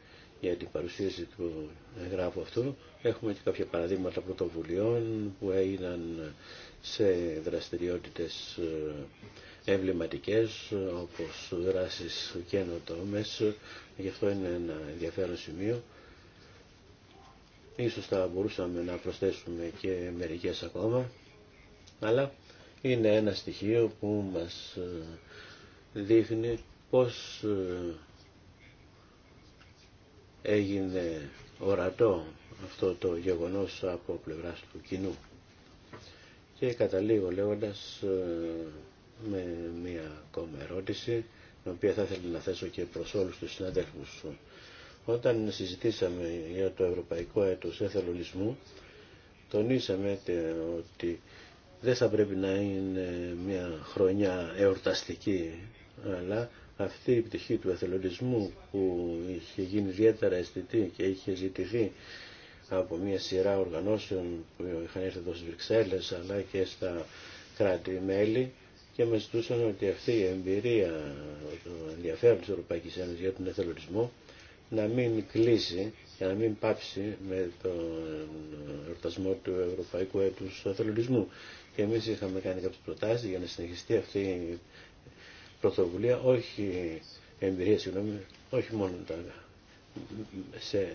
για την παρουσίαση του εγγράφου αυτού. Έχουμε και κάποια παραδείγματα πρωτοβουλειών που έγιναν σε δραστηριότητες ε, εμβληματικές όπως δράσεις καινοτόμες. Γι' αυτό είναι ένα ενδιαφέρον σημείο. Ίσως θα μπορούσαμε να προσθέσουμε και μερικές ακόμα, αλλά είναι ένα στοιχείο που μας ε, δείχνει πώς ε, έγινε ορατό αυτό το γεγονός από πλευράς του κοινού. Και καταλήγω λέγοντας ε, με μία ακόμα ερώτηση, την οποία θα ήθελα να θέσω και προς όλους τους συναδέλφους. Όταν συζητήσαμε για το Ευρωπαϊκό Έτος Εθελονισμού, τονίσαμε ότι δεν θα πρέπει να είναι μια χρονιά εορταστική, αλλά αυτή η πτυχή του εθελοντισμού που είχε γίνει ιδιαίτερα αισθητή και είχε ζητηθεί από μια σειρά οργανώσεων που είχαν έρθει εδώ στις Βρυξέλλες αλλά και στα κράτη-μέλη και με ζητούσαν ότι αυτή η εμπειρία, του ενδιαφέρον της Ευρωπαϊκής Ένωσης για τον εθελοντισμό να μην κλείσει και να μην πάψει με τον εορτασμό του Ευρωπαϊκού Έτους Εθελοντισμού. Και εμείς είχαμε κάνει κάποιες προτάσεις για να συνεχιστεί αυτή πρωτοβουλία, όχι εμπειρία, συγγνώμη, όχι μόνο τα, σε,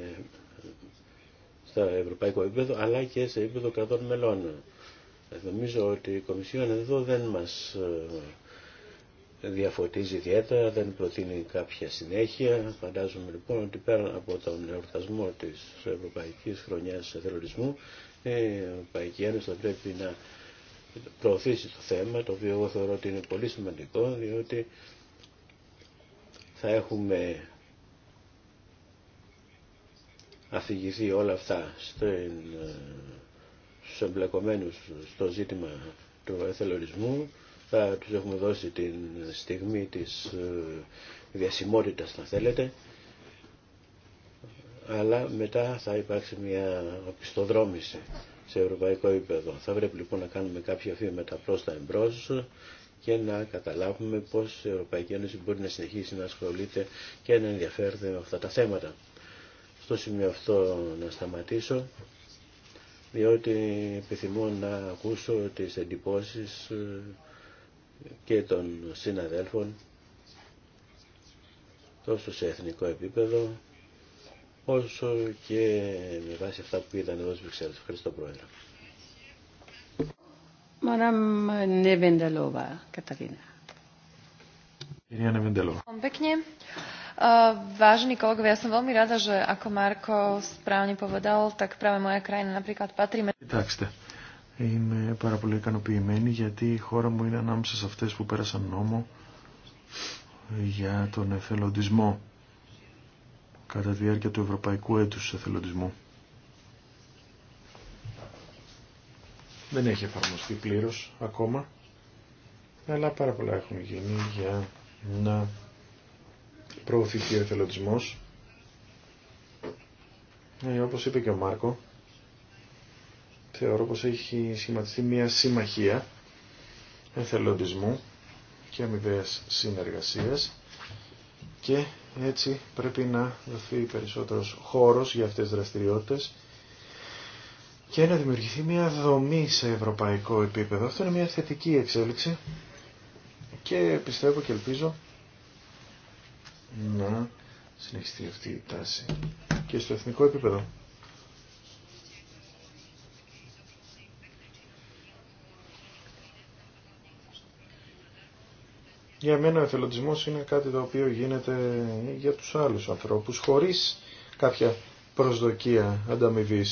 στα ευρωπαϊκό επίπεδο, αλλά και σε επίπεδο κρατών μελών. Νομίζω ότι η Κομισιόν εδώ δεν μας ε, διαφωτίζει ιδιαίτερα, δεν προτείνει κάποια συνέχεια. Φαντάζομαι λοιπόν ότι πέρα από τον εορτασμό της Ευρωπαϊκής Χρονιάς Θεωρισμού, η Ευρωπαϊκή Ένωση θα πρέπει να προωθήσει το θέμα, το οποίο εγώ θεωρώ ότι είναι πολύ σημαντικό, διότι θα έχουμε αφηγηθεί όλα αυτά στην, στους στο ζήτημα του εθελοντισμού, θα τους έχουμε δώσει την στιγμή της ε, διασημότητας, να θέλετε, αλλά μετά θα υπάρξει μια οπισθοδρόμηση σε ευρωπαϊκό επίπεδο. Θα πρέπει λοιπόν να κάνουμε κάποια βήματα προ τα εμπρό και να καταλάβουμε πώς η Ευρωπαϊκή Ένωση μπορεί να συνεχίσει να ασχολείται και να ενδιαφέρεται με αυτά τα θέματα. Στο σημείο αυτό να σταματήσω, διότι επιθυμώ να ακούσω τις εντυπώσεις ε, και των συναδέλφων τόσο σε εθνικό επίπεδο όσο και με βάση αυτά που ήταν εδώ στις Βρυξέλλες. Ευχαριστώ Πρόεδρε. Κυρία Νεβεντελόβα. Vážení kolegovia, ja som veľmi rada, že ako Marko správne povedal, tak práve moja krajina napríklad patrí medzi... Κοιτάξτε, είμαι πάρα πολύ ικανοποιημένη γιατί η χώρα μου είναι ανάμεσα σε αυτές που πέρασαν νόμο για τον εθελοντισμό κατά τη διάρκεια του Ευρωπαϊκού Έτους Εθελοντισμού. Δεν έχει εφαρμοστεί πλήρως ακόμα, αλλά πάρα πολλά έχουν γίνει για να προωθηθεί ο εθελοντισμός. Ε, όπως είπε και ο Μάρκο, θεωρώ πως έχει σχηματιστεί μια συμμαχία εθελοντισμού και αμοιβαίας συνεργασίας και έτσι πρέπει να δοθεί περισσότερος χώρος για αυτές τις δραστηριότητες και να δημιουργηθεί μια δομή σε ευρωπαϊκό επίπεδο. Αυτό είναι μια θετική εξέλιξη και πιστεύω και ελπίζω να συνεχιστεί αυτή η τάση και στο εθνικό επίπεδο. Για μένα ο εθελοντισμός είναι κάτι το οποίο γίνεται για τους άλλους ανθρώπους χωρίς κάποια προσδοκία ανταμοιβή.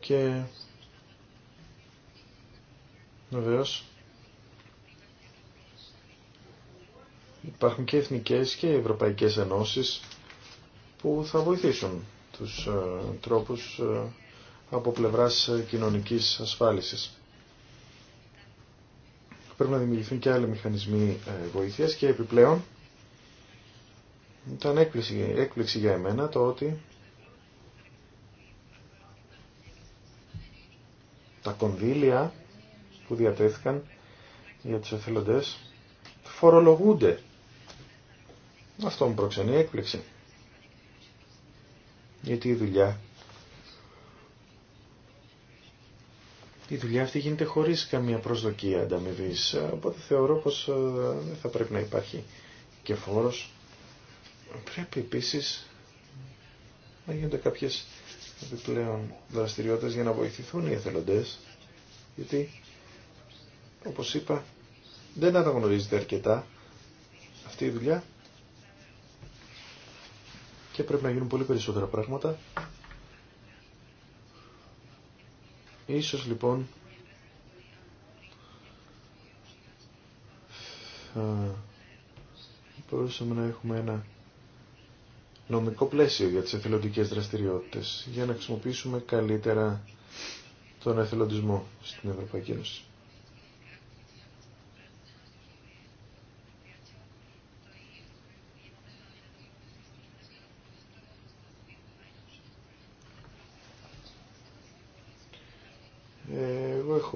Και βεβαίω. Υπάρχουν και εθνικές και ευρωπαϊκές ενώσεις που θα βοηθήσουν τους ε, τρόπους ε, από πλευράς ε, κοινωνικής ασφάλισης. Πρέπει να δημιουργηθούν και άλλοι μηχανισμοί ε, βοήθειας και επιπλέον ήταν έκπληξη, έκπληξη για εμένα το ότι τα κονδύλια που διατέθηκαν για τους εθελοντές φορολογούνται. Αυτό μου προξενεί έκπληξη. Γιατί η δουλειά η δουλειά αυτή γίνεται χωρίς καμία προσδοκία ανταμοιβή. Οπότε θεωρώ πως ε, δεν θα πρέπει να υπάρχει και φόρος. Πρέπει επίση να γίνονται κάποιε επιπλέον δραστηριότητες για να βοηθηθούν οι εθελοντέ Γιατί, όπως είπα, δεν αναγνωρίζεται αρκετά αυτή η δουλειά και πρέπει να γίνουν πολύ περισσότερα πράγματα Ίσως λοιπόν θα μπορούσαμε να έχουμε ένα νομικό πλαίσιο για τις εθελοντικές δραστηριότητες για να χρησιμοποιήσουμε καλύτερα τον εθελοντισμό στην Ευρωπαϊκή Ένωση.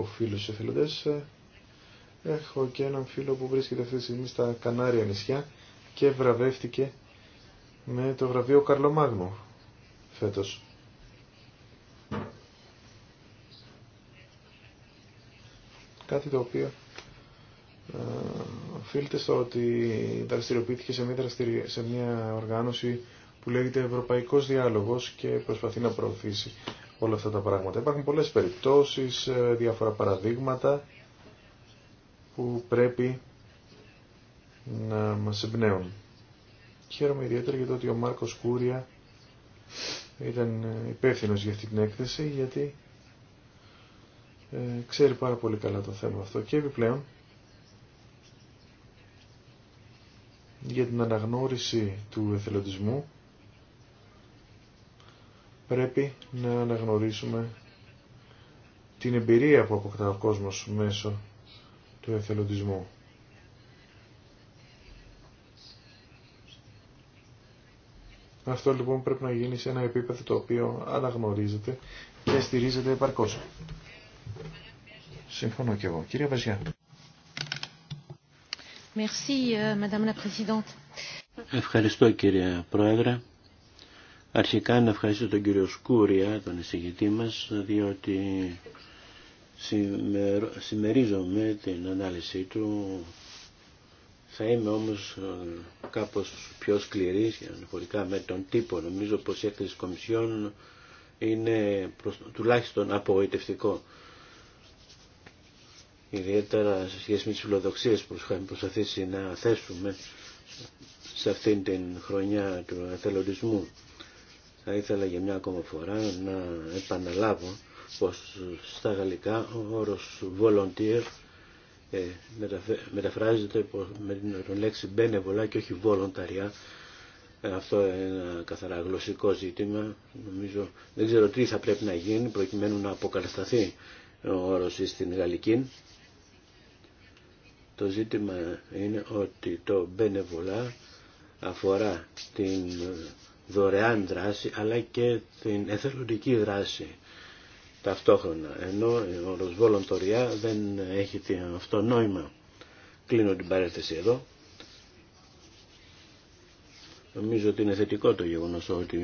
φίλους εθελοντές. Ε, έχω και έναν φίλο που βρίσκεται αυτή τη στιγμή στα Κανάρια νησιά και βραβεύτηκε με το βραβείο Καρλομάγνου φέτος. Κάτι το οποίο ε, οφείλεται στο ότι δραστηριοποιήθηκε σε μια, δραστηρι... σε μια οργάνωση που λέγεται Ευρωπαϊκός Διάλογος και προσπαθεί να προωθήσει όλα αυτά τα πράγματα. Υπάρχουν πολλές περιπτώσεις, ε, διάφορα παραδείγματα που πρέπει να μας εμπνέουν. Χαίρομαι ιδιαίτερα για το ότι ο Μάρκος Κούρια ήταν ε, υπεύθυνος για αυτή την έκθεση γιατί ε, ξέρει πάρα πολύ καλά το θέμα αυτό και επιπλέον για την αναγνώριση του εθελοντισμού πρέπει να αναγνωρίσουμε την εμπειρία που αποκτά ο κόσμος μέσω του εθελοντισμού. Αυτό λοιπόν πρέπει να γίνει σε ένα επίπεδο το οποίο αναγνωρίζεται και στηρίζεται επαρκώς. Συμφωνώ και εγώ. Κυρία Βαζιά. Euh, Ευχαριστώ κύριε Πρόεδρε. Αρχικά να ευχαριστήσω τον κύριο Σκούρια, τον εισηγητή μας, διότι συμμερίζομαι την ανάλυση του. Θα είμαι όμως ε, κάπως πιο σκληρή αναφορικά με τον τύπο. Νομίζω πως η έκθεση Κομισιόν είναι τουλάχιστον απογοητευτικό. Ιδιαίτερα σε σχέση με τις φιλοδοξίες που είχαμε προσπαθήσει να θέσουμε σε αυτήν την χρονιά του εθελοντισμού. Θα ήθελα για μια ακόμα φορά να επαναλάβω πως στα γαλλικά ο όρος volunteer ε, μεταφράζεται με την λέξη μπένεβολα και όχι βολονταριά. Ε, αυτό είναι ένα καθαρά γλωσσικό ζήτημα. Νομίζω, δεν ξέρω τι θα πρέπει να γίνει προκειμένου να αποκατασταθεί ο όρος στην γαλλική. Το ζήτημα είναι ότι το μπένεβολα αφορά την δωρεάν δράση αλλά και την εθελοντική δράση ταυτόχρονα ενώ ο Ροσβόλων Τωριά δεν έχει αυτό νόημα. Κλείνω την παρέθεση εδώ. Νομίζω ότι είναι θετικό το γεγονός ότι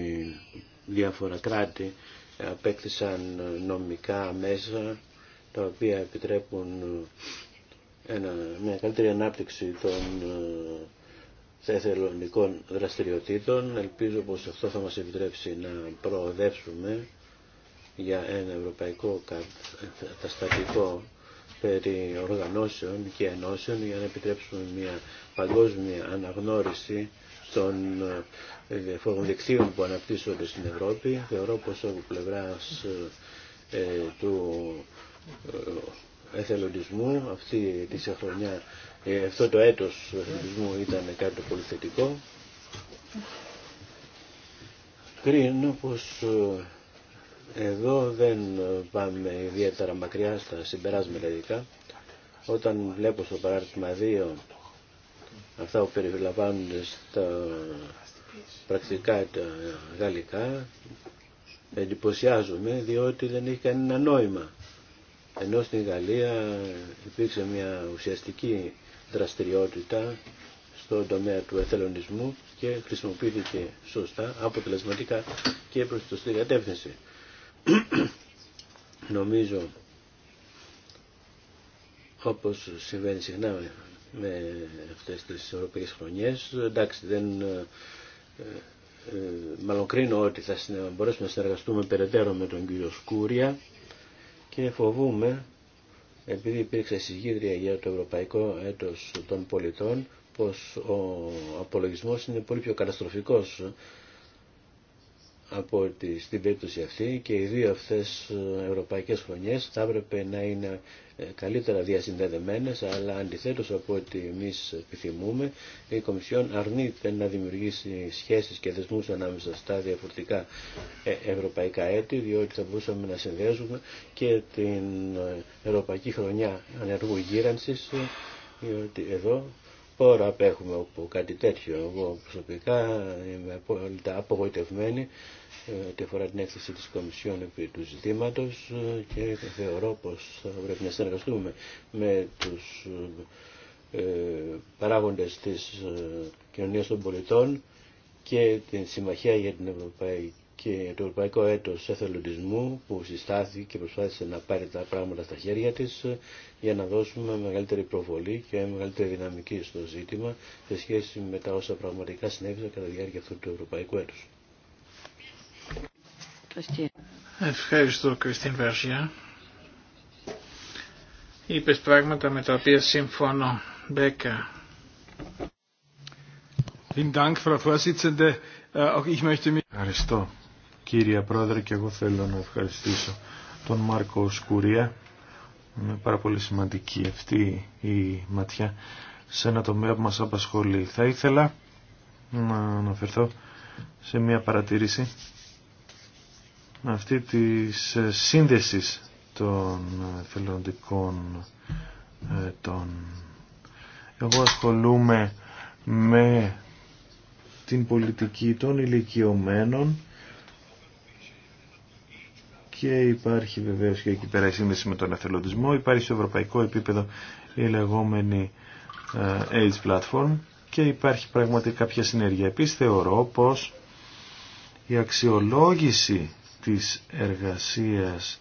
διάφορα κράτη απέκτησαν νομικά μέσα τα οποία επιτρέπουν ένα, μια καλύτερη ανάπτυξη των ε, σε δραστηριοτήτων. Ελπίζω πως αυτό θα μας επιτρέψει να προοδεύσουμε για ένα ευρωπαϊκό καταστατικό περί οργανώσεων και ενώσεων για να επιτρέψουμε μια παγκόσμια αναγνώριση των ε, δικτύων που αναπτύσσονται στην Ευρώπη. Θεωρώ πως από πλευράς ε, του ε, εθελοντισμού. Αυτή τη χρονιά, ε, αυτό το έτος εθελοντισμού ήταν κάτι το πολύ θετικό. Κρίνω πως ε, εδώ δεν πάμε ιδιαίτερα μακριά στα συμπεράσματα ειδικά. Όταν βλέπω στο παράρτημα 2 αυτά που περιλαμβάνονται στα πρακτικά τα γαλλικά εντυπωσιάζομαι διότι δεν έχει κανένα νόημα ενώ στην Γαλλία υπήρξε μια ουσιαστική δραστηριότητα στον τομέα του εθελονισμού και χρησιμοποιήθηκε σωστά, αποτελεσματικά και προς το διατεύθυνση. Νομίζω, όπως συμβαίνει συχνά με αυτές τις ευρωπαϊκές χρονιές, εντάξει δεν ε, ε, ε, μάλλον ότι θα μπορέσουμε να συνεργαστούμε περαιτέρω με τον κύριο Σκούρια και φοβούμε, επειδή υπήρξε συγγύδρια για το Ευρωπαϊκό Έτος των Πολιτών, πως ο απολογισμός είναι πολύ πιο καταστροφικός από τη στην περίπτωση αυτή και οι δύο αυτές ε, ευρωπαϊκές χρονιές θα έπρεπε να είναι ε, καλύτερα διασυνδεδεμένες αλλά αντιθέτως από ό,τι εμείς επιθυμούμε η Κομισιόν αρνείται να δημιουργήσει σχέσεις και δεσμούς ανάμεσα στα διαφορετικά ε, ευρωπαϊκά έτη διότι θα μπορούσαμε να συνδέσουμε και την ευρωπαϊκή χρονιά ανεργού γύρανσης διότι εδώ Τώρα απέχουμε από κάτι τέτοιο. Εγώ προσωπικά είμαι απόλυτα απογοητευμένη ε, ό,τι αφορά την έκθεση της Κομισιόν επί του ζητήματος ε, και θεωρώ πως θα πρέπει να συνεργαστούμε με τους ε, παράγοντες της κοινωνίας των πολιτών και την Συμμαχία για την Ευρωπαϊκή και το Ευρωπαϊκό Έτος Εθελοντισμού που συστάθηκε και προσπάθησε να πάρει τα πράγματα στα χέρια της για να δώσουμε μεγαλύτερη προβολή και μεγαλύτερη δυναμική στο ζήτημα σε σχέση με τα όσα πραγματικά συνέβησαν κατά τη διάρκεια αυτού του Ευρωπαϊκού Έτους. Ευχαριστώ Κριστίν Βέρζια. Είπες πράγματα με τα οποία συμφωνώ. Μπέκα. Äh, Ευχαριστώ κύριε Πρόεδρε και εγώ θέλω να ευχαριστήσω τον Μάρκο Σκουρία. Είναι πάρα πολύ σημαντική αυτή η ματιά σε ένα τομέα που μας απασχολεί. Θα ήθελα να αναφερθώ σε μια παρατήρηση αυτή της ε, σύνδεσης των ε, θελοντικών ε, ετών. Εγώ ασχολούμαι με την πολιτική των ηλικιωμένων και υπάρχει βεβαίως και εκεί πέρα η σύνδεση με τον εθελοντισμό. Υπάρχει στο ευρωπαϊκό επίπεδο η λεγόμενη AIDS Platform και υπάρχει πραγματικά κάποια συνέργεια. Επίσης θεωρώ πως η αξιολόγηση της εργασίας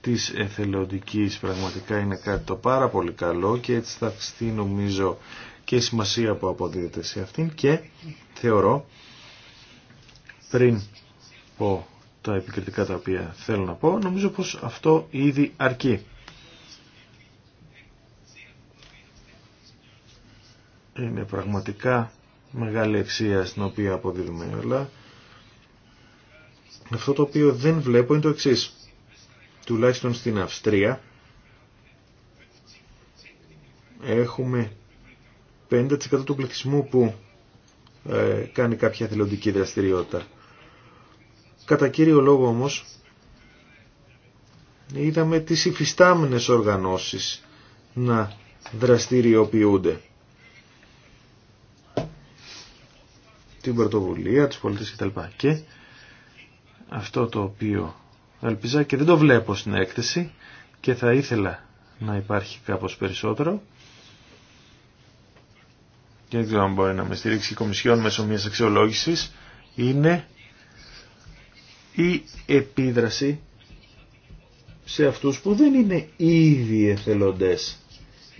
της εθελοντικής πραγματικά είναι κάτι το πάρα πολύ καλό και έτσι θα αυξηθεί νομίζω και η σημασία που αποδίδεται σε αυτήν και θεωρώ πριν πω τα επικριτικά τα οποία θέλω να πω νομίζω πως αυτό ήδη αρκεί. Είναι πραγματικά μεγάλη αξία στην οποία αποδίδουμε όλα αυτό το οποίο δεν βλέπω είναι το εξή. Τουλάχιστον στην Αυστρία έχουμε 50% του πληθυσμού που ε, κάνει κάποια θελοντική δραστηριότητα. Κατά κύριο λόγο όμως είδαμε τις υφιστάμενες οργανώσεις να δραστηριοποιούνται. Την πρωτοβουλία, τους πολίτες κτλ. Και αυτό το οποίο ελπίζα και δεν το βλέπω στην έκθεση και θα ήθελα να υπάρχει κάπως περισσότερο και δεν ξέρω αν μπορεί να με στηρίξει η Κομισιόν μέσω μιας αξιολόγησης είναι η επίδραση σε αυτούς που δεν είναι ήδη εθελοντές.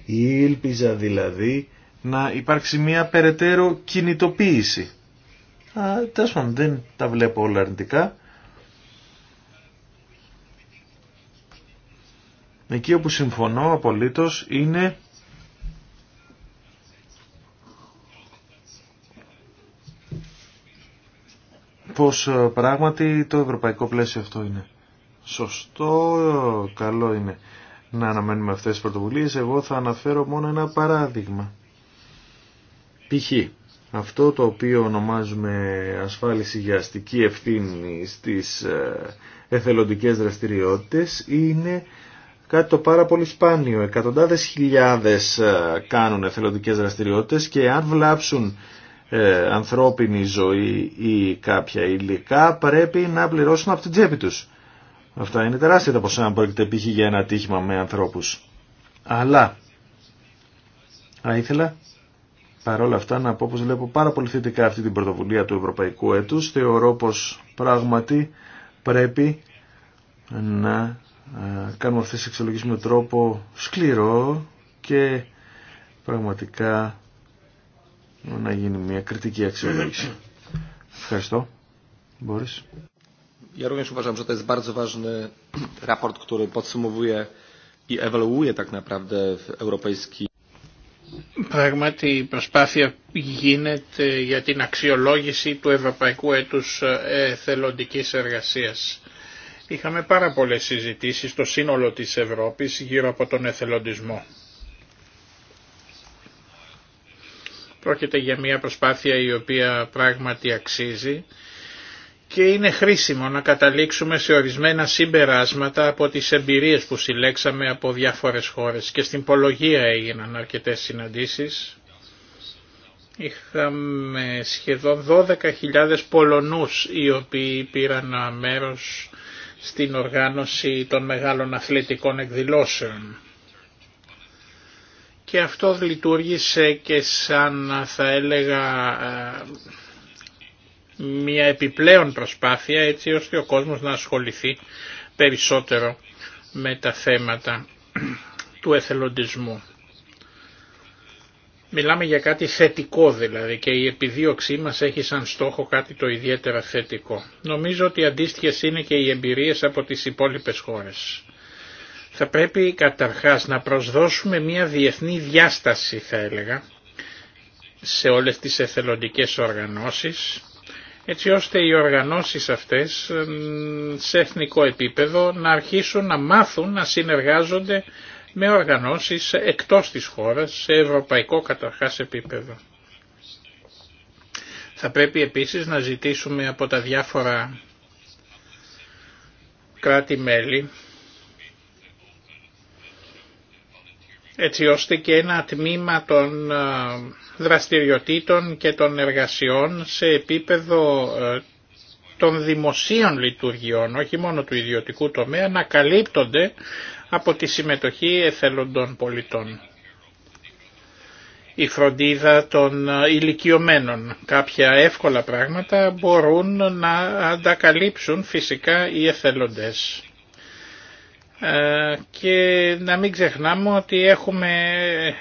Ήλπιζα δηλαδή να υπάρξει μια περαιτέρω κινητοποίηση. Α, πάντων δεν τα βλέπω όλα αρνητικά. Εκεί όπου συμφωνώ απολύτως είναι πως ε, πράγματι το ευρωπαϊκό πλαίσιο αυτό είναι. Σωστό, καλό είναι να αναμένουμε αυτές τις πρωτοβουλίες. Εγώ θα αναφέρω μόνο ένα παράδειγμα. Π.χ. Αυτό το οποίο ονομάζουμε ασφάλιση για αστική ευθύνη στις ε, εθελοντικές δραστηριότητες είναι κάτι το πάρα πολύ σπάνιο. Εκατοντάδες χιλιάδες ε, κάνουν εθελοντικές δραστηριότητες και αν βλάψουν ε, ανθρώπινη ζωή ή κάποια υλικά πρέπει να πληρώσουν από την τσέπη τους. Αυτά είναι τεράστια τα ποσά αν πρόκειται π.χ. για ένα ατύχημα με ανθρώπους. Αλλά θα ήθελα παρόλα αυτά να πω πως βλέπω πάρα πολύ θετικά αυτή την πρωτοβουλία του Ευρωπαϊκού Έτους. Θεωρώ πως πράγματι πρέπει να κάνουμε αυτές τις εξολογήσεις με τρόπο σκληρό και πραγματικά να γίνει μια κριτική αξιολόγηση. Ευχαριστώ. Μπορείς. Ja tak Πράγματι η προσπάθεια γίνεται για την αξιολόγηση του Ευρωπαϊκού Έτους ε, Εθελοντικής Εργασίας. Είχαμε πάρα πολλές συζητήσεις στο σύνολο της Ευρώπης γύρω από τον εθελοντισμό. Πρόκειται για μια προσπάθεια η οποία πράγματι αξίζει και είναι χρήσιμο να καταλήξουμε σε ορισμένα συμπεράσματα από τις εμπειρίες που συλλέξαμε από διάφορες χώρες και στην Πολογία έγιναν αρκετές συναντήσεις. Είχαμε σχεδόν 12.000 Πολωνούς οι οποίοι πήραν μέρος στην οργάνωση των μεγάλων αθλητικών εκδηλώσεων. Και αυτό λειτουργήσε και σαν θα έλεγα ε, μια επιπλέον προσπάθεια έτσι ώστε ο κόσμος να ασχοληθεί περισσότερο με τα θέματα του εθελοντισμού. Μιλάμε για κάτι θετικό δηλαδή και η επιδίωξή μας έχει σαν στόχο κάτι το ιδιαίτερα θετικό. Νομίζω ότι αντίστοιχε είναι και οι εμπειρίες από τις υπόλοιπες χώρες. Θα πρέπει καταρχάς να προσδώσουμε μια διεθνή διάσταση θα έλεγα σε όλες τις εθελοντικές οργανώσεις έτσι ώστε οι οργανώσεις αυτές σε εθνικό επίπεδο να αρχίσουν να μάθουν να συνεργάζονται με οργανώσεις εκτός της χώρας σε ευρωπαϊκό καταρχάς επίπεδο. Θα πρέπει επίσης να ζητήσουμε από τα διάφορα κράτη-μέλη έτσι ώστε και ένα τμήμα των ε, δραστηριοτήτων και των εργασιών σε επίπεδο ε, των δημοσίων λειτουργιών, όχι μόνο του ιδιωτικού τομέα, να καλύπτονται από τη συμμετοχή εθελοντών πολιτών. Η φροντίδα των ηλικιωμένων. Κάποια εύκολα πράγματα μπορούν να αντακαλύψουν φυσικά οι εθελοντές. Ε, και να μην ξεχνάμε ότι έχουμε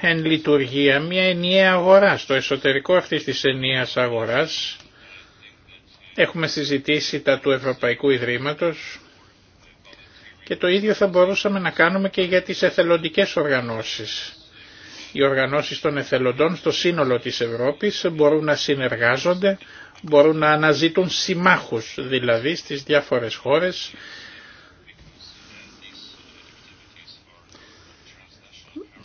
εν λειτουργία μια ενιαία αγορά. Στο εσωτερικό αυτής της ενιαίας αγοράς έχουμε συζητήσει τα του Ευρωπαϊκού Ιδρύματος και το ίδιο θα μπορούσαμε να κάνουμε και για τις εθελοντικές οργανώσεις. Οι οργανώσεις των εθελοντών στο σύνολο της Ευρώπης μπορούν να συνεργάζονται, μπορούν να αναζητούν συμμάχους δηλαδή στις διάφορες χώρες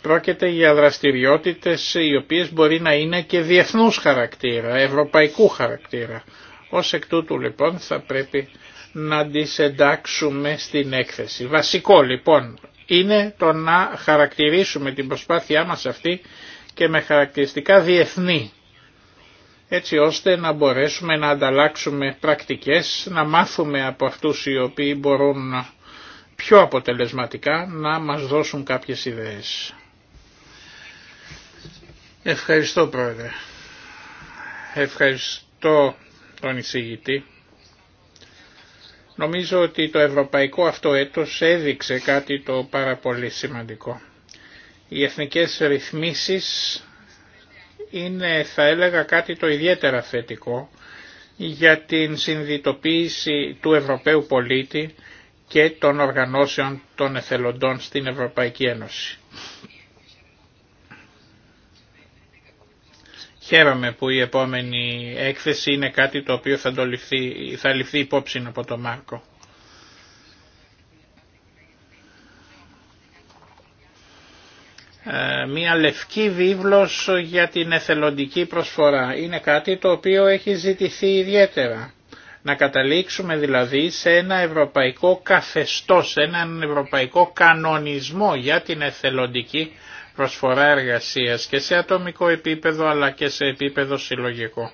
πρόκειται για δραστηριότητες οι οποίες μπορεί να είναι και διεθνούς χαρακτήρα, ευρωπαϊκού χαρακτήρα. Ως εκ τούτου λοιπόν θα πρέπει να τις εντάξουμε στην έκθεση. Βασικό λοιπόν είναι το να χαρακτηρίσουμε την προσπάθειά μας αυτή και με χαρακτηριστικά διεθνή έτσι ώστε να μπορέσουμε να ανταλλάξουμε πρακτικές, να μάθουμε από αυτούς οι οποίοι μπορούν πιο αποτελεσματικά να μας δώσουν κάποιες ιδέες. Ευχαριστώ πρόεδρε. Ευχαριστώ τον εισηγητή. Νομίζω ότι το ευρωπαϊκό αυτό έτος έδειξε κάτι το πάρα πολύ σημαντικό. Οι εθνικές ρυθμίσεις είναι θα έλεγα κάτι το ιδιαίτερα θετικό για την συνδυτοποίηση του Ευρωπαίου πολίτη και των οργανώσεων των εθελοντών στην Ευρωπαϊκή Ένωση. Χαίρομαι που η επόμενη έκθεση είναι κάτι το οποίο θα, το ληφθεί, υπόψη από τον Μάρκο. Ε, μια λευκή βίβλος για την εθελοντική προσφορά. Είναι κάτι το οποίο έχει ζητηθεί ιδιαίτερα. Να καταλήξουμε δηλαδή σε ένα ευρωπαϊκό καθεστώς, σε έναν ευρωπαϊκό κανονισμό για την εθελοντική προσφορά εργασίας και σε ατομικό επίπεδο αλλά και σε επίπεδο συλλογικό.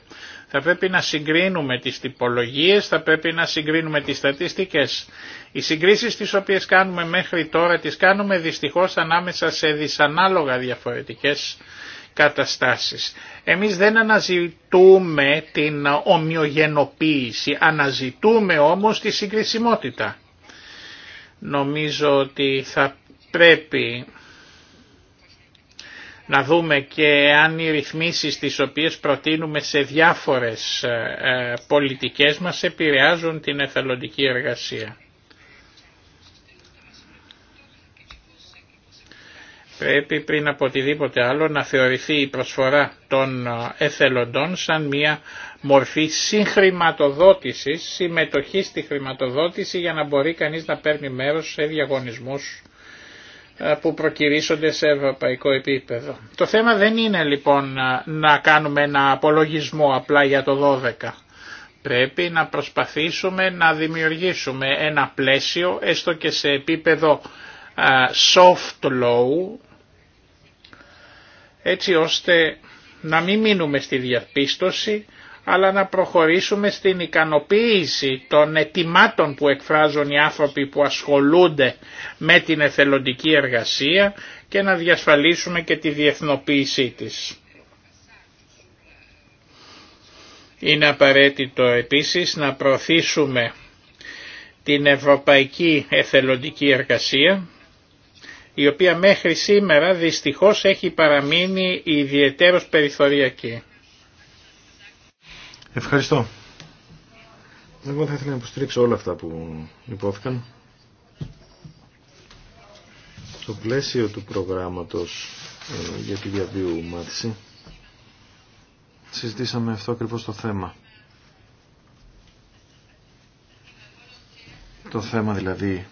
Θα πρέπει να συγκρίνουμε τις τυπολογίες, θα πρέπει να συγκρίνουμε τις στατιστικές. Οι συγκρίσεις τις οποίες κάνουμε μέχρι τώρα τις κάνουμε δυστυχώς ανάμεσα σε δυσανάλογα διαφορετικές καταστάσεις. Εμείς δεν αναζητούμε την ομοιογενοποίηση, αναζητούμε όμως τη συγκρισιμότητα. Νομίζω ότι θα πρέπει να δούμε και αν οι ρυθμίσεις τις οποίες προτείνουμε σε διάφορες ε, ε, πολιτικές μας επηρεάζουν την εθελοντική εργασία. Πρέπει πριν από οτιδήποτε άλλο να θεωρηθεί η προσφορά των ε, εθελοντών σαν μια μορφή συγχρηματοδότησης, συμμετοχή στη χρηματοδότηση για να μπορεί κανείς να παίρνει μέρος σε διαγωνισμούς που προκυρήσονται σε ευρωπαϊκό επίπεδο. Το θέμα δεν είναι λοιπόν να κάνουμε ένα απολογισμό απλά για το 12. Πρέπει να προσπαθήσουμε να δημιουργήσουμε ένα πλαίσιο έστω και σε επίπεδο soft soft-low, έτσι ώστε να μην μείνουμε στη διαπίστωση αλλά να προχωρήσουμε στην ικανοποίηση των ετοιμάτων που εκφράζουν οι άνθρωποι που ασχολούνται με την εθελοντική εργασία και να διασφαλίσουμε και τη διεθνοποίησή της. Είναι απαραίτητο επίσης να προωθήσουμε την ευρωπαϊκή εθελοντική εργασία, η οποία μέχρι σήμερα δυστυχώς έχει παραμείνει ιδιαίτερος περιθωριακή. Ευχαριστώ. Εγώ θα ήθελα να υποστηρίξω όλα αυτά που υπόθηκαν. Στο πλαίσιο του προγράμματος ε, για τη διαβίου μάθηση συζητήσαμε αυτό ακριβώς το θέμα. Το θέμα δηλαδή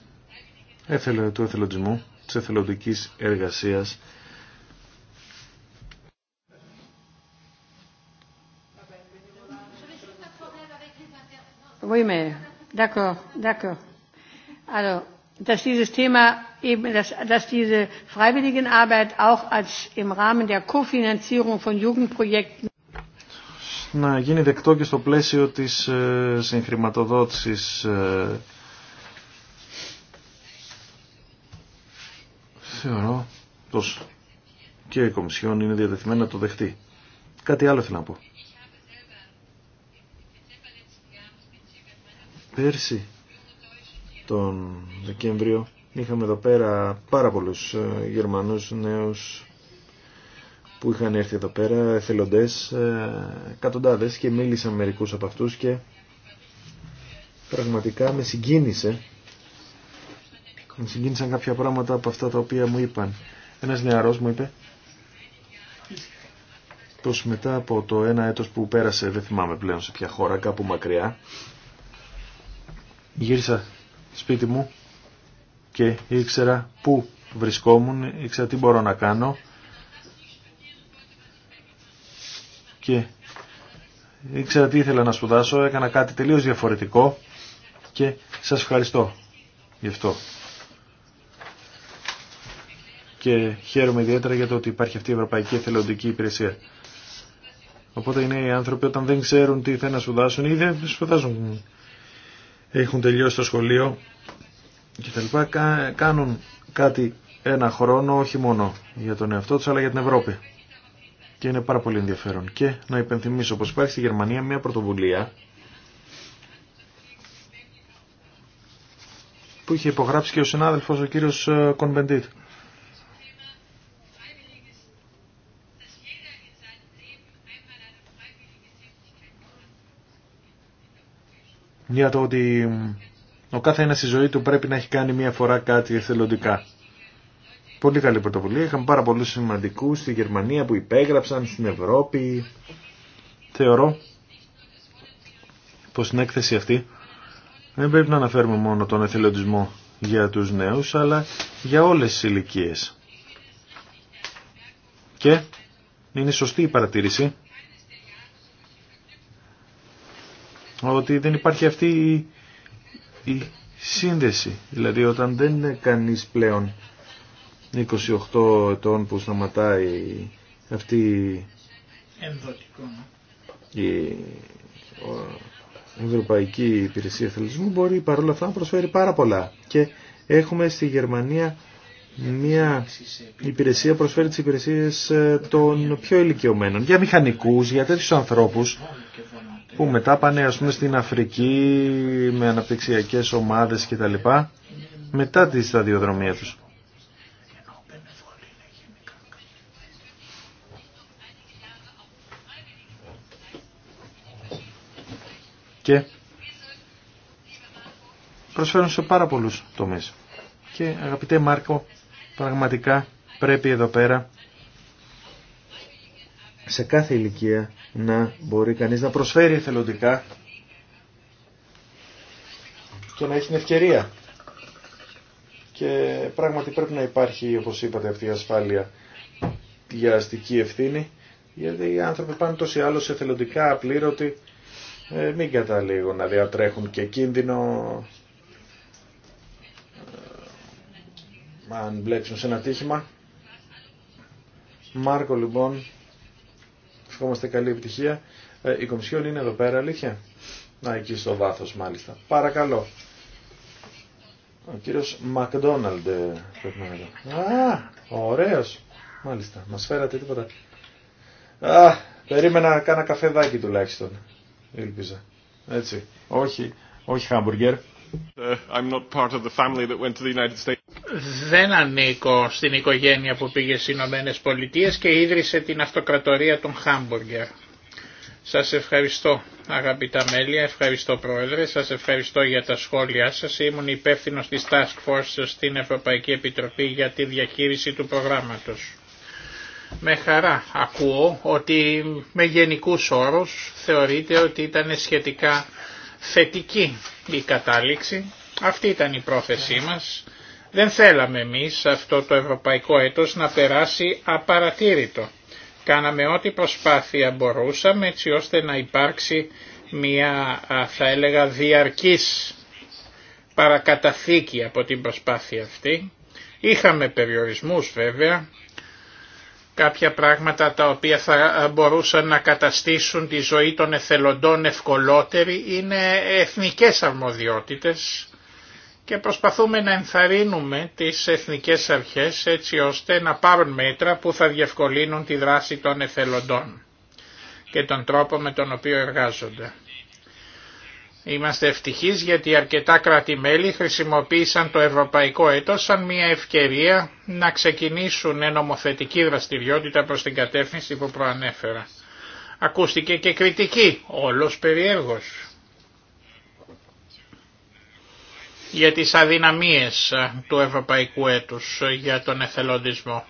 του εθελοντισμού, της εθελοντικής εργασίας dieses auch als im Rahmen der Kofinanzierung von Jugendprojekten να γίνει δεκτό και στο πλαίσιο της ε, συγχρηματοδότησης ε. θεωρώ πως και η Κομισιόν είναι διαδεθειμένη να το δεχτεί. Κάτι άλλο θέλω να πω. Πέρσι τον Δεκέμβριο είχαμε εδώ πέρα πάρα πολλούς ε, Γερμανούς νέους που είχαν έρθει εδώ πέρα, εθελοντές, ε, εκατοντάδες και μίλησα μερικούς από αυτούς και πραγματικά με συγκίνησε. Με συγκίνησαν κάποια πράγματα από αυτά τα οποία μου είπαν. Ένας νεαρός μου είπε πως μετά από το ένα έτος που πέρασε, δεν θυμάμαι πλέον σε ποια χώρα, κάπου μακριά, γύρισα σπίτι μου και ήξερα πού βρισκόμουν, ήξερα τι μπορώ να κάνω και ήξερα τι ήθελα να σπουδάσω, έκανα κάτι τελείως διαφορετικό και σας ευχαριστώ γι' αυτό. Και χαίρομαι ιδιαίτερα για το ότι υπάρχει αυτή η Ευρωπαϊκή Εθελοντική Υπηρεσία. Οπότε οι νέοι άνθρωποι όταν δεν ξέρουν τι θέλουν να σπουδάσουν ή δεν σπουδάζουν έχουν τελειώσει το σχολείο και τα λοιπά, κάνουν κάτι ένα χρόνο όχι μόνο για τον εαυτό τους αλλά για την Ευρώπη. Και είναι πάρα πολύ ενδιαφέρον. Και να υπενθυμίσω πως υπάρχει στη Γερμανία μια πρωτοβουλία που είχε υπογράψει και ο συνάδελφος ο κύριος ε, Κονβεντίτ. για το ότι ο κάθε ένας στη ζωή του πρέπει να έχει κάνει μία φορά κάτι εθελοντικά. Πολύ καλή πρωτοβουλία. Είχαμε πάρα πολλού σημαντικού στη Γερμανία που υπέγραψαν, στην Ευρώπη. Θεωρώ πως στην έκθεση αυτή δεν πρέπει να αναφέρουμε μόνο τον εθελοντισμό για τους νέους, αλλά για όλες τις ηλικίε. Και είναι σωστή η παρατήρηση ότι δεν υπάρχει αυτή η, η σύνδεση. Δηλαδή όταν δεν είναι κανείς πλέον 28 ετών που σταματάει αυτή η ναι. Ευρωπαϊκή Υπηρεσία Θελισμού μπορεί παρόλα αυτά να προσφέρει πάρα πολλά. Και έχουμε στη Γερμανία μια υπηρεσία προσφέρει τις υπηρεσίες ε, των πιο ηλικιωμένων, για μηχανικούς, για τέτοιους ανθρώπους που μετά πάνε ας πούμε στην Αφρική με αναπτυξιακές ομάδες κτλ. μετά τη σταδιοδρομία τους. Και προσφέρουν σε πάρα πολλούς τομείς. Και αγαπητέ Μάρκο, πραγματικά πρέπει εδώ πέρα σε κάθε ηλικία να μπορεί κανείς να προσφέρει εθελοντικά και να έχει την ευκαιρία. Και πράγματι πρέπει να υπάρχει, όπως είπατε, αυτή η ασφάλεια για αστική ευθύνη, γιατί οι άνθρωποι πάνε τόσο ή άλλως εθελοντικά, απλήρωτοι, ε, μην καταλήγουν να διατρέχουν και κίνδυνο ε, αν μπλέξουν σε ένα τύχημα. Μάρκο λοιπόν, ευχόμαστε καλή επιτυχία. Ε, η Κομισιόν είναι εδώ πέρα, αλήθεια. Να, εκεί στο βάθο μάλιστα. Παρακαλώ. Ο κύριο Μακδόναλντ ε, πρέπει να είναι Α, ωραίος. Μάλιστα, μα φέρατε τίποτα. Α, περίμενα να κάνω καφεδάκι τουλάχιστον. Ήλπιζα. Έτσι. Όχι, όχι χάμπουργκερ. Δεν ανήκω στην οικογένεια που πήγε στι Ηνωμένε Πολιτείε και ίδρυσε την αυτοκρατορία των Χάμπουργκερ. Σα ευχαριστώ αγαπητά μέλη, ευχαριστώ Πρόεδρε, Σα ευχαριστώ για τα σχόλιά σα. Ήμουν υπεύθυνο τη Task Force στην Ευρωπαϊκή Επιτροπή για τη διαχείριση του προγράμματο. Με χαρά ακούω ότι με γενικού όρου θεωρείται ότι ήταν σχετικά θετική η κατάληξη. Αυτή ήταν η πρόθεσή μας. Δεν θέλαμε εμείς αυτό το ευρωπαϊκό έτος να περάσει απαρατήρητο. Κάναμε ό,τι προσπάθεια μπορούσαμε έτσι ώστε να υπάρξει μια θα έλεγα διαρκής παρακαταθήκη από την προσπάθεια αυτή. Είχαμε περιορισμούς βέβαια, κάποια πράγματα τα οποία θα ε, μπορούσαν να καταστήσουν τη ζωή των εθελοντών ευκολότερη είναι εθνικές αρμοδιότητες και προσπαθούμε να ενθαρρύνουμε τις εθνικές αρχές έτσι ώστε να πάρουν μέτρα που θα διευκολύνουν τη δράση των εθελοντών και τον τρόπο με τον οποίο εργάζονται. Είμαστε ευτυχείς γιατί αρκετά κράτη-μέλη χρησιμοποίησαν το ευρωπαϊκό έτος σαν μια ευκαιρία να ξεκινήσουν νομοθετική δραστηριότητα προς την κατεύθυνση που προανέφερα. Ακούστηκε και κριτική, όλος περιέργος. για τις αδυναμίες του ευρωπαϊκού έτους για τον εθελοντισμό.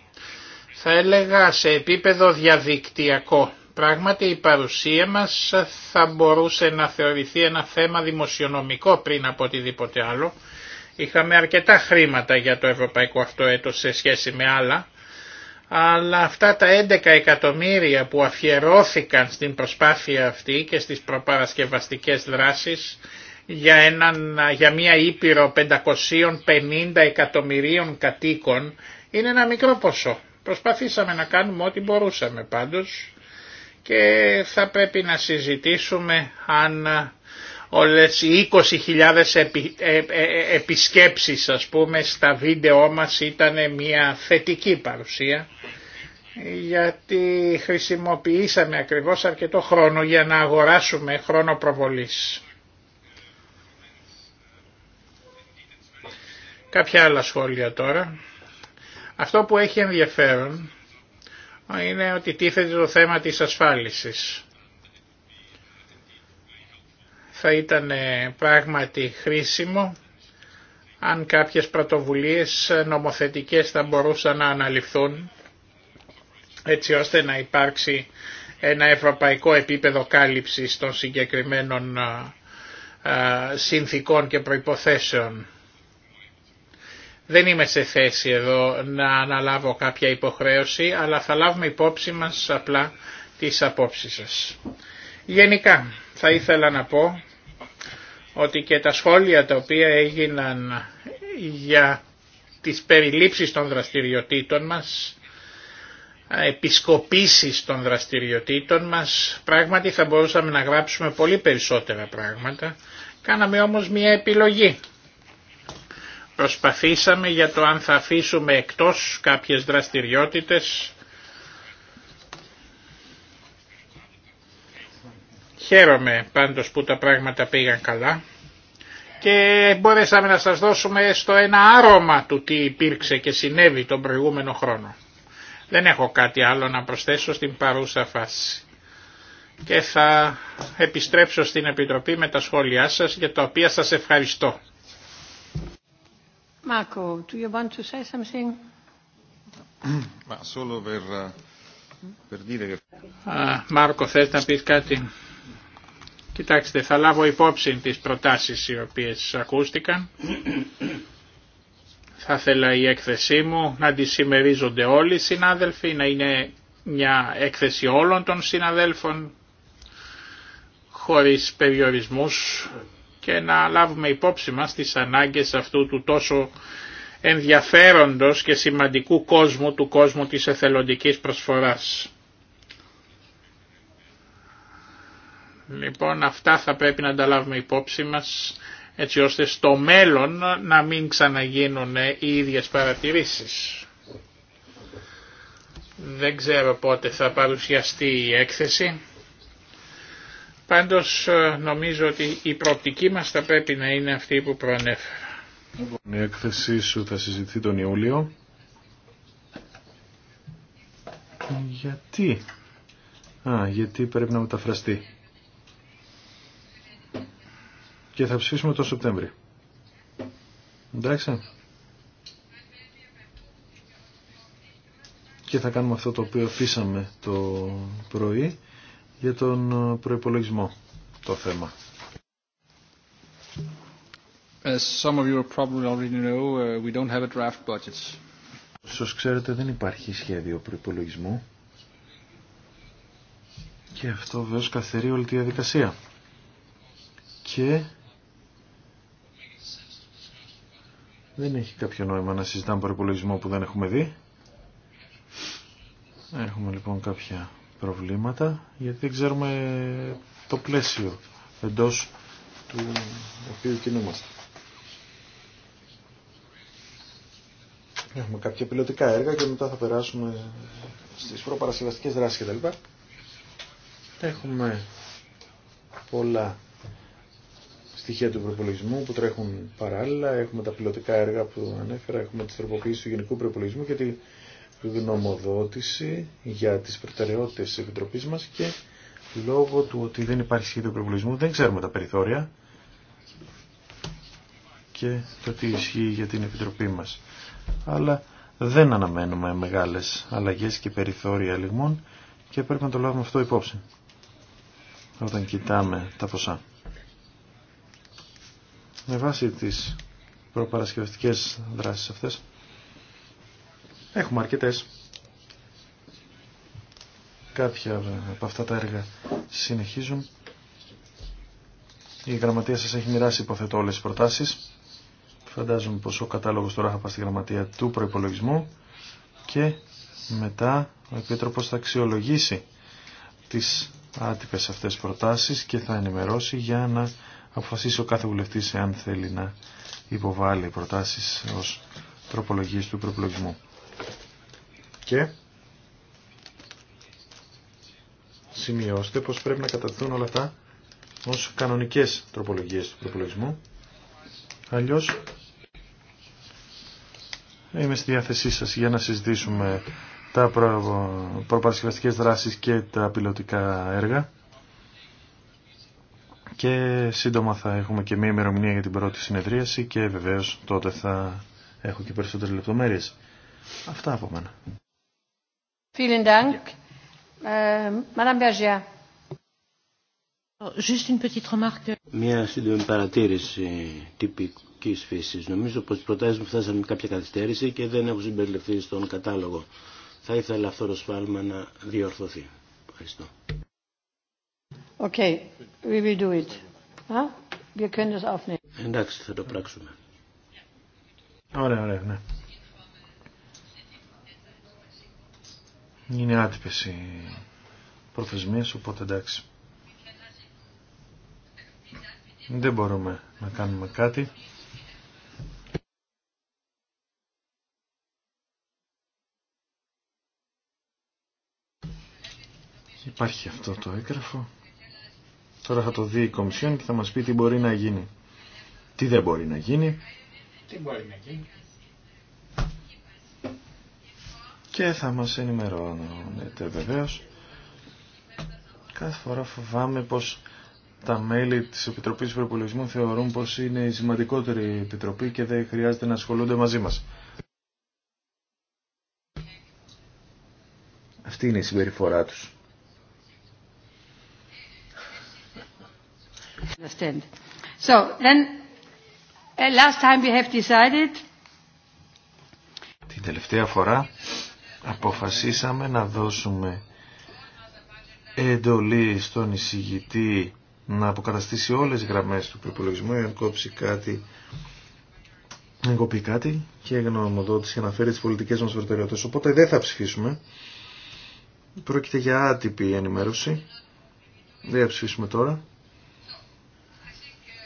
Θα έλεγα σε επίπεδο διαδικτυακό Πράγματι η παρουσία μας θα μπορούσε να θεωρηθεί ένα θέμα δημοσιονομικό πριν από οτιδήποτε άλλο. Είχαμε αρκετά χρήματα για το ευρωπαϊκό αυτό έτος σε σχέση με άλλα, αλλά αυτά τα 11 εκατομμύρια που αφιερώθηκαν στην προσπάθεια αυτή και στις προπαρασκευαστικές δράσεις για, για μια ήπειρο 550 εκατομμυρίων κατοίκων είναι ένα μικρό ποσό. Προσπαθήσαμε να κάνουμε ό,τι μπορούσαμε πάντως και θα πρέπει να συζητήσουμε αν ε, όλες οι 20.000 επι, ε, ε, επισκέψεις ας πούμε στα βίντεό μας ήταν μια θετική παρουσία γιατί χρησιμοποιήσαμε ακριβώς αρκετό χρόνο για να αγοράσουμε χρόνο προβολής. Κάποια άλλα σχόλια τώρα. Αυτό που έχει ενδιαφέρον είναι ότι τίθεται το θέμα της ασφάλισης. Θα ήταν ε, πράγματι χρήσιμο αν κάποιες πρωτοβουλίες ε, νομοθετικές θα μπορούσαν να αναλυφθούν έτσι ώστε να υπάρξει ένα ευρωπαϊκό επίπεδο κάλυψης των συγκεκριμένων ε, συνθήκων και προϋποθέσεων. Δεν είμαι σε θέση εδώ να αναλάβω κάποια υποχρέωση, αλλά θα λάβουμε υπόψη μας απλά τις απόψεις σας. Γενικά θα ήθελα να πω ότι και τα σχόλια τα οποία έγιναν για τις περιλήψεις των δραστηριοτήτων μας, επισκοπήσεις των δραστηριοτήτων μας, πράγματι θα μπορούσαμε να γράψουμε πολύ περισσότερα πράγματα, κάναμε όμως μια επιλογή Προσπαθήσαμε για το αν θα αφήσουμε εκτός κάποιες δραστηριότητες. Χαίρομαι πάντως που τα πράγματα πήγαν καλά και μπόρεσαμε να σας δώσουμε στο ένα άρωμα του τι υπήρξε και συνέβη τον προηγούμενο χρόνο. Δεν έχω κάτι άλλο να προσθέσω στην παρούσα φάση. Και θα επιστρέψω στην Επιτροπή με τα σχόλιά σας για τα οποία σας ευχαριστώ. Marco, do you Μάρκο, θες να πεις κάτι. Κοιτάξτε, θα λάβω υπόψη τις προτάσεις οι οποίες ακούστηκαν. θα ήθελα η έκθεσή μου να τη συμμερίζονται όλοι οι συνάδελφοι, να είναι μια έκθεση όλων των συναδέλφων, χωρίς περιορισμούς και να λάβουμε υπόψη μας τις ανάγκες αυτού του τόσο ενδιαφέροντος και σημαντικού κόσμου, του κόσμου της εθελοντικής προσφοράς. Λοιπόν αυτά θα πρέπει να τα λάβουμε υπόψη μας έτσι ώστε στο μέλλον να μην ξαναγίνουν οι ίδιες παρατηρήσεις. Δεν ξέρω πότε θα παρουσιαστεί η έκθεση. Πάντως ε, νομίζω ότι η προοπτική μας θα πρέπει να είναι αυτή που προανέφερα. Η έκθεσή σου θα συζητηθεί τον Ιούλιο. Γιατί? Α, γιατί πρέπει να μεταφραστεί. Και θα ψηφίσουμε τον Σεπτέμβρη. Εντάξει. Και θα κάνουμε αυτό το οποίο αφήσαμε το πρωί για τον ε, προϋπολογισμό το θέμα. As some of you probably already know, uh, we don't have a draft budget. Σας ξέρετε δεν υπάρχει σχέδιο προϋπολογισμού και αυτό βέβαια σκαθερεί όλη τη διαδικασία. Και δεν έχει κάποιο νόημα να συζητάμε προϋπολογισμό που δεν έχουμε δει. Έχουμε λοιπόν κάποια προβλήματα γιατί δεν ξέρουμε το πλαίσιο εντός του οποίου κινούμαστε. Έχουμε κάποια πιλωτικά έργα και μετά θα περάσουμε στις προπαρασκευαστικές δράσεις κτλ. Έχουμε πολλά στοιχεία του προπολογισμού που τρέχουν παράλληλα. Έχουμε τα πιλωτικά έργα που ανέφερα, έχουμε τις τροποποίησεις του γενικού προπολογισμού και γνωμοδότηση για τις προτεραιότητες της Επιτροπής μας και λόγω του ότι δεν υπάρχει σχέδιο προβλησμού, δεν ξέρουμε τα περιθώρια και το τι ισχύει για την Επιτροπή μας. Αλλά δεν αναμένουμε μεγάλες αλλαγές και περιθώρια λιγμών και πρέπει να το λάβουμε αυτό υπόψη όταν κοιτάμε τα ποσά. Με βάση τις προπαρασκευαστικές δράσεις αυτές Έχουμε αρκετέ. Κάποια από αυτά τα έργα συνεχίζουν. Η γραμματεία σας έχει μοιράσει υποθέτω όλες τις προτάσεις. Φαντάζομαι πως ο κατάλογος τώρα θα πάει στη γραμματεία του προϋπολογισμού και μετά ο Επίτροπος θα αξιολογήσει τις άτυπες αυτές προτάσεις και θα ενημερώσει για να αποφασίσει ο κάθε βουλευτής εάν θέλει να υποβάλει προτάσεις ως τροπολογίες του προπολογισμού και σημειώστε πως πρέπει να καταρθούν όλα αυτά ως κανονικές τροπολογίες του προπολογισμού. Αλλιώς είμαι στη διάθεσή σας για να συζητήσουμε τα προ... προπαρασκευαστικές δράσεις και τα πιλωτικά έργα και σύντομα θα έχουμε και μία ημερομηνία για την πρώτη συνεδρίαση και βεβαίως τότε θα έχω και περισσότερες λεπτομέρειες. Αυτά από μένα ευχαριστώ. Äh, Μια σύντομη παρατήρηση τυπική φύση. Νομίζω πω οι προτάσει μου φτάσαν με κάποια καθυστέρηση και δεν έχουν συμπεριληφθεί στον κατάλογο. Θα ήθελα αυτό το σφάλμα να διορθωθεί. Ευχαριστώ. Okay, we will do it. Huh? Wir können das aufnehmen. Εντάξει, θα το πράξουμε. Ωραία, ωραία, ναι. Είναι άτυπες οι προθεσμίες, οπότε εντάξει. Δεν μπορούμε να κάνουμε κάτι. Υπάρχει αυτό το έγγραφο. Τώρα θα το δει η Κομισιόν και θα μας πει τι μπορεί να γίνει. Τι δεν μπορεί να γίνει. Τι μπορεί να γίνει. και θα μας ενημερώνετε βεβαίως. Κάθε φορά φοβάμαι πως τα μέλη της Επιτροπής Προπολογισμού θεωρούν πως είναι η σημαντικότερη επιτροπή και δεν χρειάζεται να ασχολούνται μαζί μας. Αυτή είναι η συμπεριφορά τους. So, then, uh, last time we have decided... Την τελευταία φορά αποφασίσαμε να δώσουμε εντολή στον εισηγητή να αποκαταστήσει όλες τις γραμμές του προπολογισμού να κόψει κάτι να πει κάτι και γνωμοδότηση αναφέρει τις πολιτικές μας προτεραιότητες οπότε δεν θα ψηφίσουμε πρόκειται για άτυπη ενημέρωση δεν θα ψηφίσουμε τώρα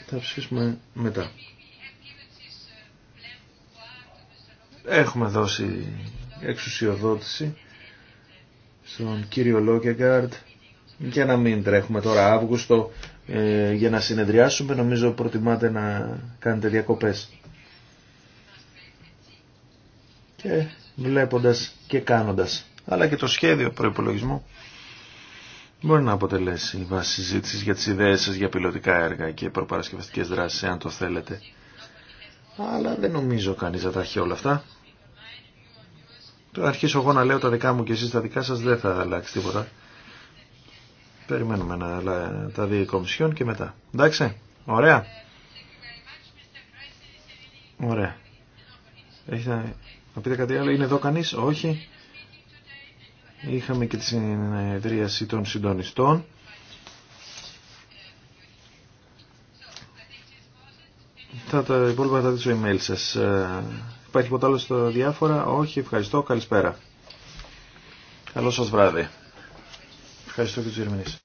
θα ψηφίσουμε μετά έχουμε δώσει εξουσιοδότηση στον κύριο Λόκεγκάρτ και να μην τρέχουμε τώρα Αύγουστο ε, για να συνεδριάσουμε. Νομίζω προτιμάτε να κάνετε διακοπές. Και βλέποντας και κάνοντας. Αλλά και το σχέδιο προϋπολογισμού μπορεί να αποτελέσει βάση συζήτηση για τις ιδέες σας για πιλωτικά έργα και προπαρασκευαστικές δράσεις, αν το θέλετε. Αλλά δεν νομίζω κανείς να τα έχει όλα αυτά. Το αρχίσω εγώ να λέω τα δικά μου και εσείς τα δικά σας δεν θα αλλάξει τίποτα. Περιμένουμε να τα δει η Κομισιόν και μετά. Εντάξει, ωραία. Ωραία. Έχει να... να πείτε κάτι άλλο. Είναι εδώ κανείς, όχι. Είχαμε και τη συνεδρίαση των συντονιστών. Θα τα υπόλοιπα θα δείξω email σας. Ε, Υπάρχει τίποτα άλλο στο διάφορα. Όχι, ευχαριστώ. Καλησπέρα. Καλό σας βράδυ. Ευχαριστώ και τους